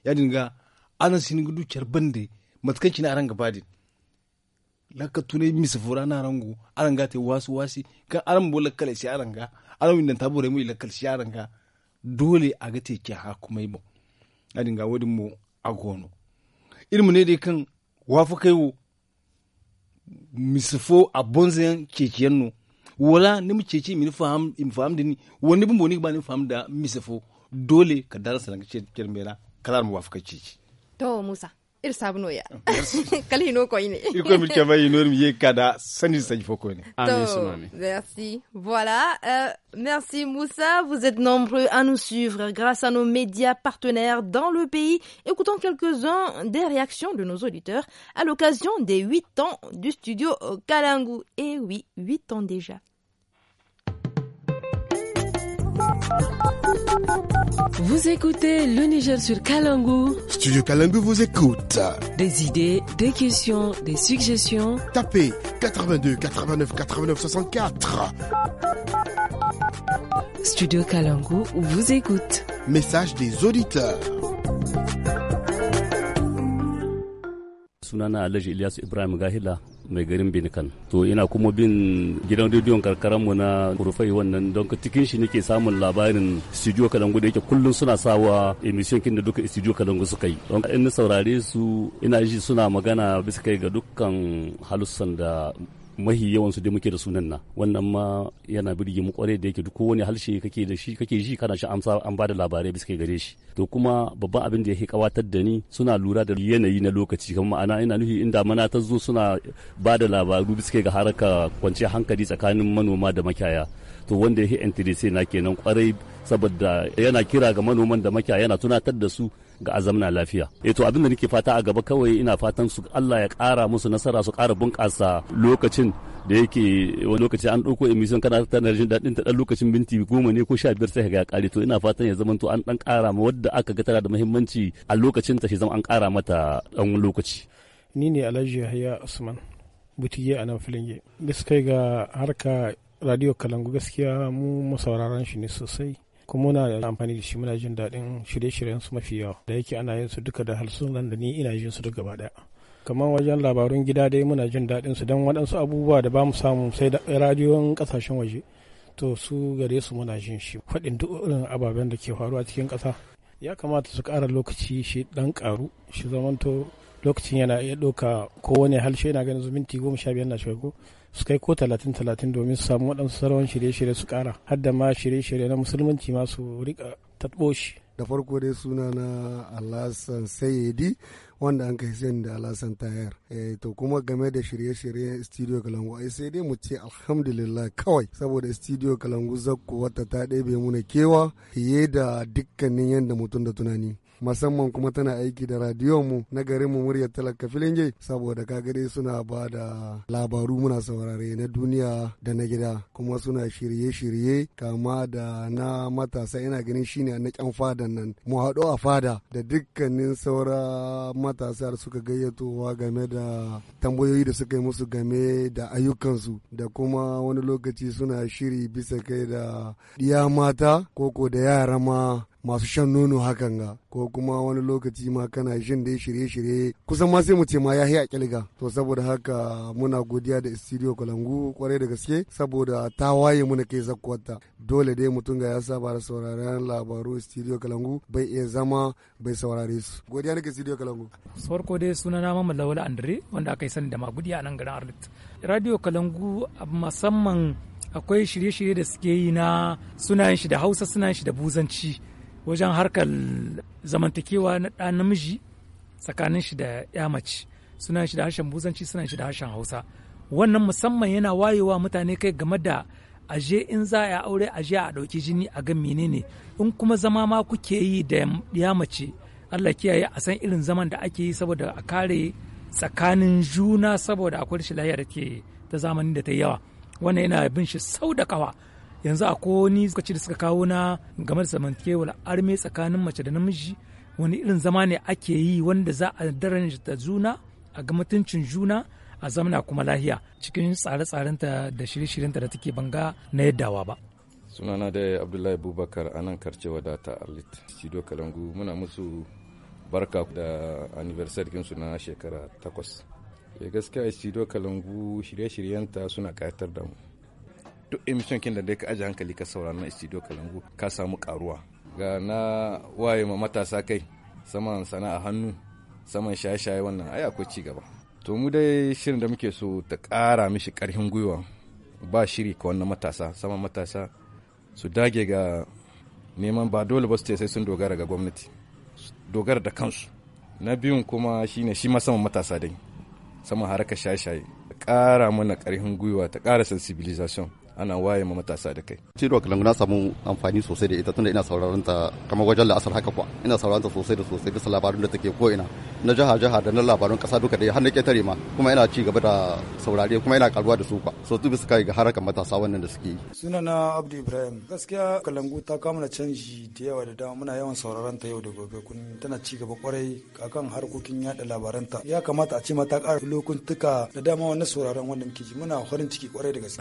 S18: ya dinga anan sinin du cerbande matkan cina aran gabadin lakkatu ne misfura na rango aran wasu wasi kan aran bo lakkale si aran ga arawin dan tabure mu ila kal sharan dole a ga teke ha kuma ibo adin ga wodin mu a gono ilmu ne dai kan wafu kai wo misifo a bonzen kekiyan no wala ni mu ceci min faham im faham dini wani bu moni ba ni faham da misifo dole ka darasa ke cermera kalar mu wafu kai ceci
S7: to musa merci voilà euh, merci Moussa vous êtes nombreux à nous suivre grâce à nos médias partenaires dans le pays écoutons quelques-uns des réactions de nos auditeurs à l'occasion des huit ans du studio Kalangu et oui huit ans déjà vous écoutez le Niger sur Kalangou. Studio
S11: Kalangou vous écoute. Des idées, des questions, des suggestions. Tapez 82 89 89 64. Studio Kalangou vous écoute. Message des auditeurs.
S19: Sunana Alej Ibrahim Gahila. mai garin Binikan. To ina kuma bin gidan rediyon mu na Rufai wannan don cikin shi nake samun labarin studio Kalangu da yake kullum suna sawa emission kin da duka studio Kalangu suka yi. Don in saurare su ina ji suna magana bisa kai ga dukkan halussan da mahi yawan su da muke da sunan na wannan ma yana birge mu kwarai da yake duk wani harshe kake da shi kake ji kana shi amsa an bada labarai bisa gare shi to kuma babban abin da yake kawatar da ni suna lura da yanayi na lokaci kamar ma'ana ina nufi inda mana ta zo suna bada labaru bisa ga haraka kwanciyar hankali tsakanin manoma da makiyaya to wanda yake interest na kenan kwarai saboda yana kira ga manoman da makiyaya yana tunatar da su ga azamna lafiya eh to abin da nake fata a gaba kawai ina fatan su Allah ya ƙara musu nasara su ƙara bunƙasa lokacin da yake wani lokaci an ɗauko emission kana ta jin daɗin ta ɗan lokacin minti goma ne ko sha biyar sai ga ƙare to ina fatan ya zama to an ɗan ƙara ma wadda aka ga tana da muhimmanci a lokacin ta shi zama an ƙara mata ɗan lokaci.
S14: Ni ne Alhaji Yahya Usman Butiye a nan Filinge. ga harka radio Kalangu gaskiya mu masauraran shi ne sosai. kuma muna amfani da shi muna jin daɗin shirye-shiryen su mafi yawa da yake ana yin su duka da harsunan da ni ina jin su duk gaba ɗaya kamar wajen labarun gida dai muna jin daɗin su don waɗansu abubuwa da ba mu samu sai da radiyon ƙasashen waje to su gare su muna jin shi faɗin duk irin ababen da ke faruwa cikin ƙasa ya kamata su ƙara lokaci shi ɗan ƙaru shi zamanto lokacin yana iya ɗauka kowane halshe yana ganin zuminti goma sha biyar na shiga su kai ko talatin talatin domin su samu waɗansu sarawan shirye-shirye su ƙara har da ma shirye-shirye
S20: na musulmanci ma su riƙa taɓo da farko dai suna na alasan sayedi wanda an kai san da alasan tayar eh, to kuma game da shirye shirye studio kalangu ai sai dai mu ce alhamdulillah kawai saboda studio kalangu zakko wata ta ɗebe muna kewa fiye da dukkanin yadda mutum da tunani musamman kuma tana aiki da radiyon mu na garinmu mu muryar talaka jai saboda ka gani suna ba da labaru muna saurare na duniya da na gida kuma suna shirye-shirye kama da na matasa ina ganin shine na kyan fadan nan mu haɗu a fada da dukkanin saura matasa da suka gayyatowa game da tambayoyi da suka yi musu game da ayyukansu da kuma wani lokaci suna shiri bisa kai da iya mata koko da yara ma masu shan nono hakan ga ko kuma wani lokaci ma kana shin dai shirye-shirye kusan ma sai mu ce ma ya a kilga to saboda haka muna godiya da studio kalangu kwarai da gaske saboda ta waye muna kai zakkwata dole dai mutum ga ya saba da sauraron labaru studio kalangu bai iya zama bai saurare su
S21: godiya nake studio kalangu farko dai suna na mamman lawala andre wanda aka yi sani da magudi a nan garin arlit radio kalangu musamman akwai shirye-shirye da suke yi na sunayen shi da hausa sunayen shi da buzanci wajen harkar zamantakewa na ɗa namiji tsakanin shi da ya mace suna shi da harshen buzanci suna shi da harshen hausa wannan musamman yana wayewa mutane kai game da aje in za a aure aje a ɗauki jini a ga menene in kuma zama ma kuke yi da ya mace Allah kiyaye a san irin zaman da ake yi saboda a kare tsakanin juna saboda akwai rashin lafiya da ke ta zamanin da ta yawa wannan yana bin shi sau da kawa yanzu a wani lokaci da suka kawo na game da zamantakewar arme tsakanin mace da namiji wani irin zama ne ake yi wanda za a daren da juna a ga mutuncin juna a zamana kuma lahiya cikin tsare-tsarenta da shirye-shiryenta da take banga na yaddawa ba
S18: sunana da abdullahi bubakar anan karce data arlit cido kalangu muna musu barka da anniversary su na shekara takwas eh, gaskiya cido kalangu shirye-shiryenta suna kayatar da mu duk emission kin da dai ka aje hankali ka saurara na studio kalangu ka samu karuwa ga na waye ma matasa kai saman sana'a hannu saman shaye-shaye wannan ai akwai ci gaba to mu dai shirin da muke so ta ƙara mishi ƙarfin gwiwa ba shiri ka wannan matasa saman matasa su dage ga neman ba dole ba su ce sai sun dogara ga gwamnati dogara da kansu na biyun kuma shine shi ma saman matasa dai saman harkar shaye-shaye ƙara mana ƙarfin gwiwa ta ƙara sensibilization ana waye ma matasa da kai.
S19: Ciro Kalangu na samu amfani sosai da ita tunda ina sauraron ta kamar wajen la'asar haka kuwa ina sauraron ta sosai da sosai bisa labarun da take ko ina na jaha jaha da na labarun kasa duka da har na ketare ma kuma ina ci gaba da saurare kuma ina karuwa da su kuwa so tu bisa kai ga harakan matasa wannan da suke yi.
S11: Sunana Abdu Ibrahim gaskiya Kalangu ta kama canji da yawa da dama muna yawan sauraron ta yau da gobe kun tana ci gaba kwarai akan harkokin yada ta ya kamata a ce mata ƙara lokuntuka da dama wannan sauraron wannan kiji muna farin ciki kwarai da gaske.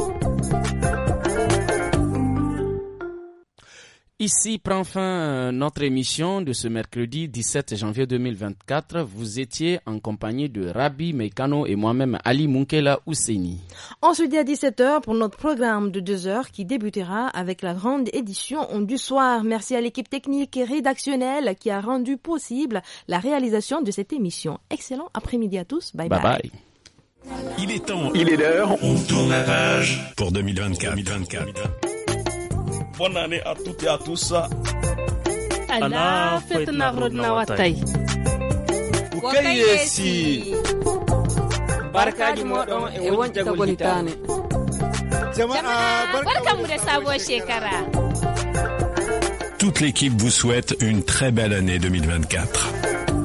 S8: Ici prend fin euh, notre émission de ce mercredi 17 janvier 2024. Vous étiez en compagnie de Rabi Meikano et moi-même Ali Munkela Ousseini.
S7: On se dit à 17h pour notre programme de 2h qui débutera avec la grande édition du soir. Merci à l'équipe technique et rédactionnelle qui a rendu possible la réalisation de cette émission. Excellent après-midi à tous. Bye bye. bye.
S1: Il est temps. Il est l'heure. On tourne la page pour 2024. Bonne
S2: année à toutes et à tous.
S3: ala fetna rodna wattay
S10: ko yeesi
S2: barkaji moɗon e
S10: woncagol hitane jama'a
S5: barkamu da sabuwar shekara
S1: Toute l'équipe vous souhaite une très belle année 2024.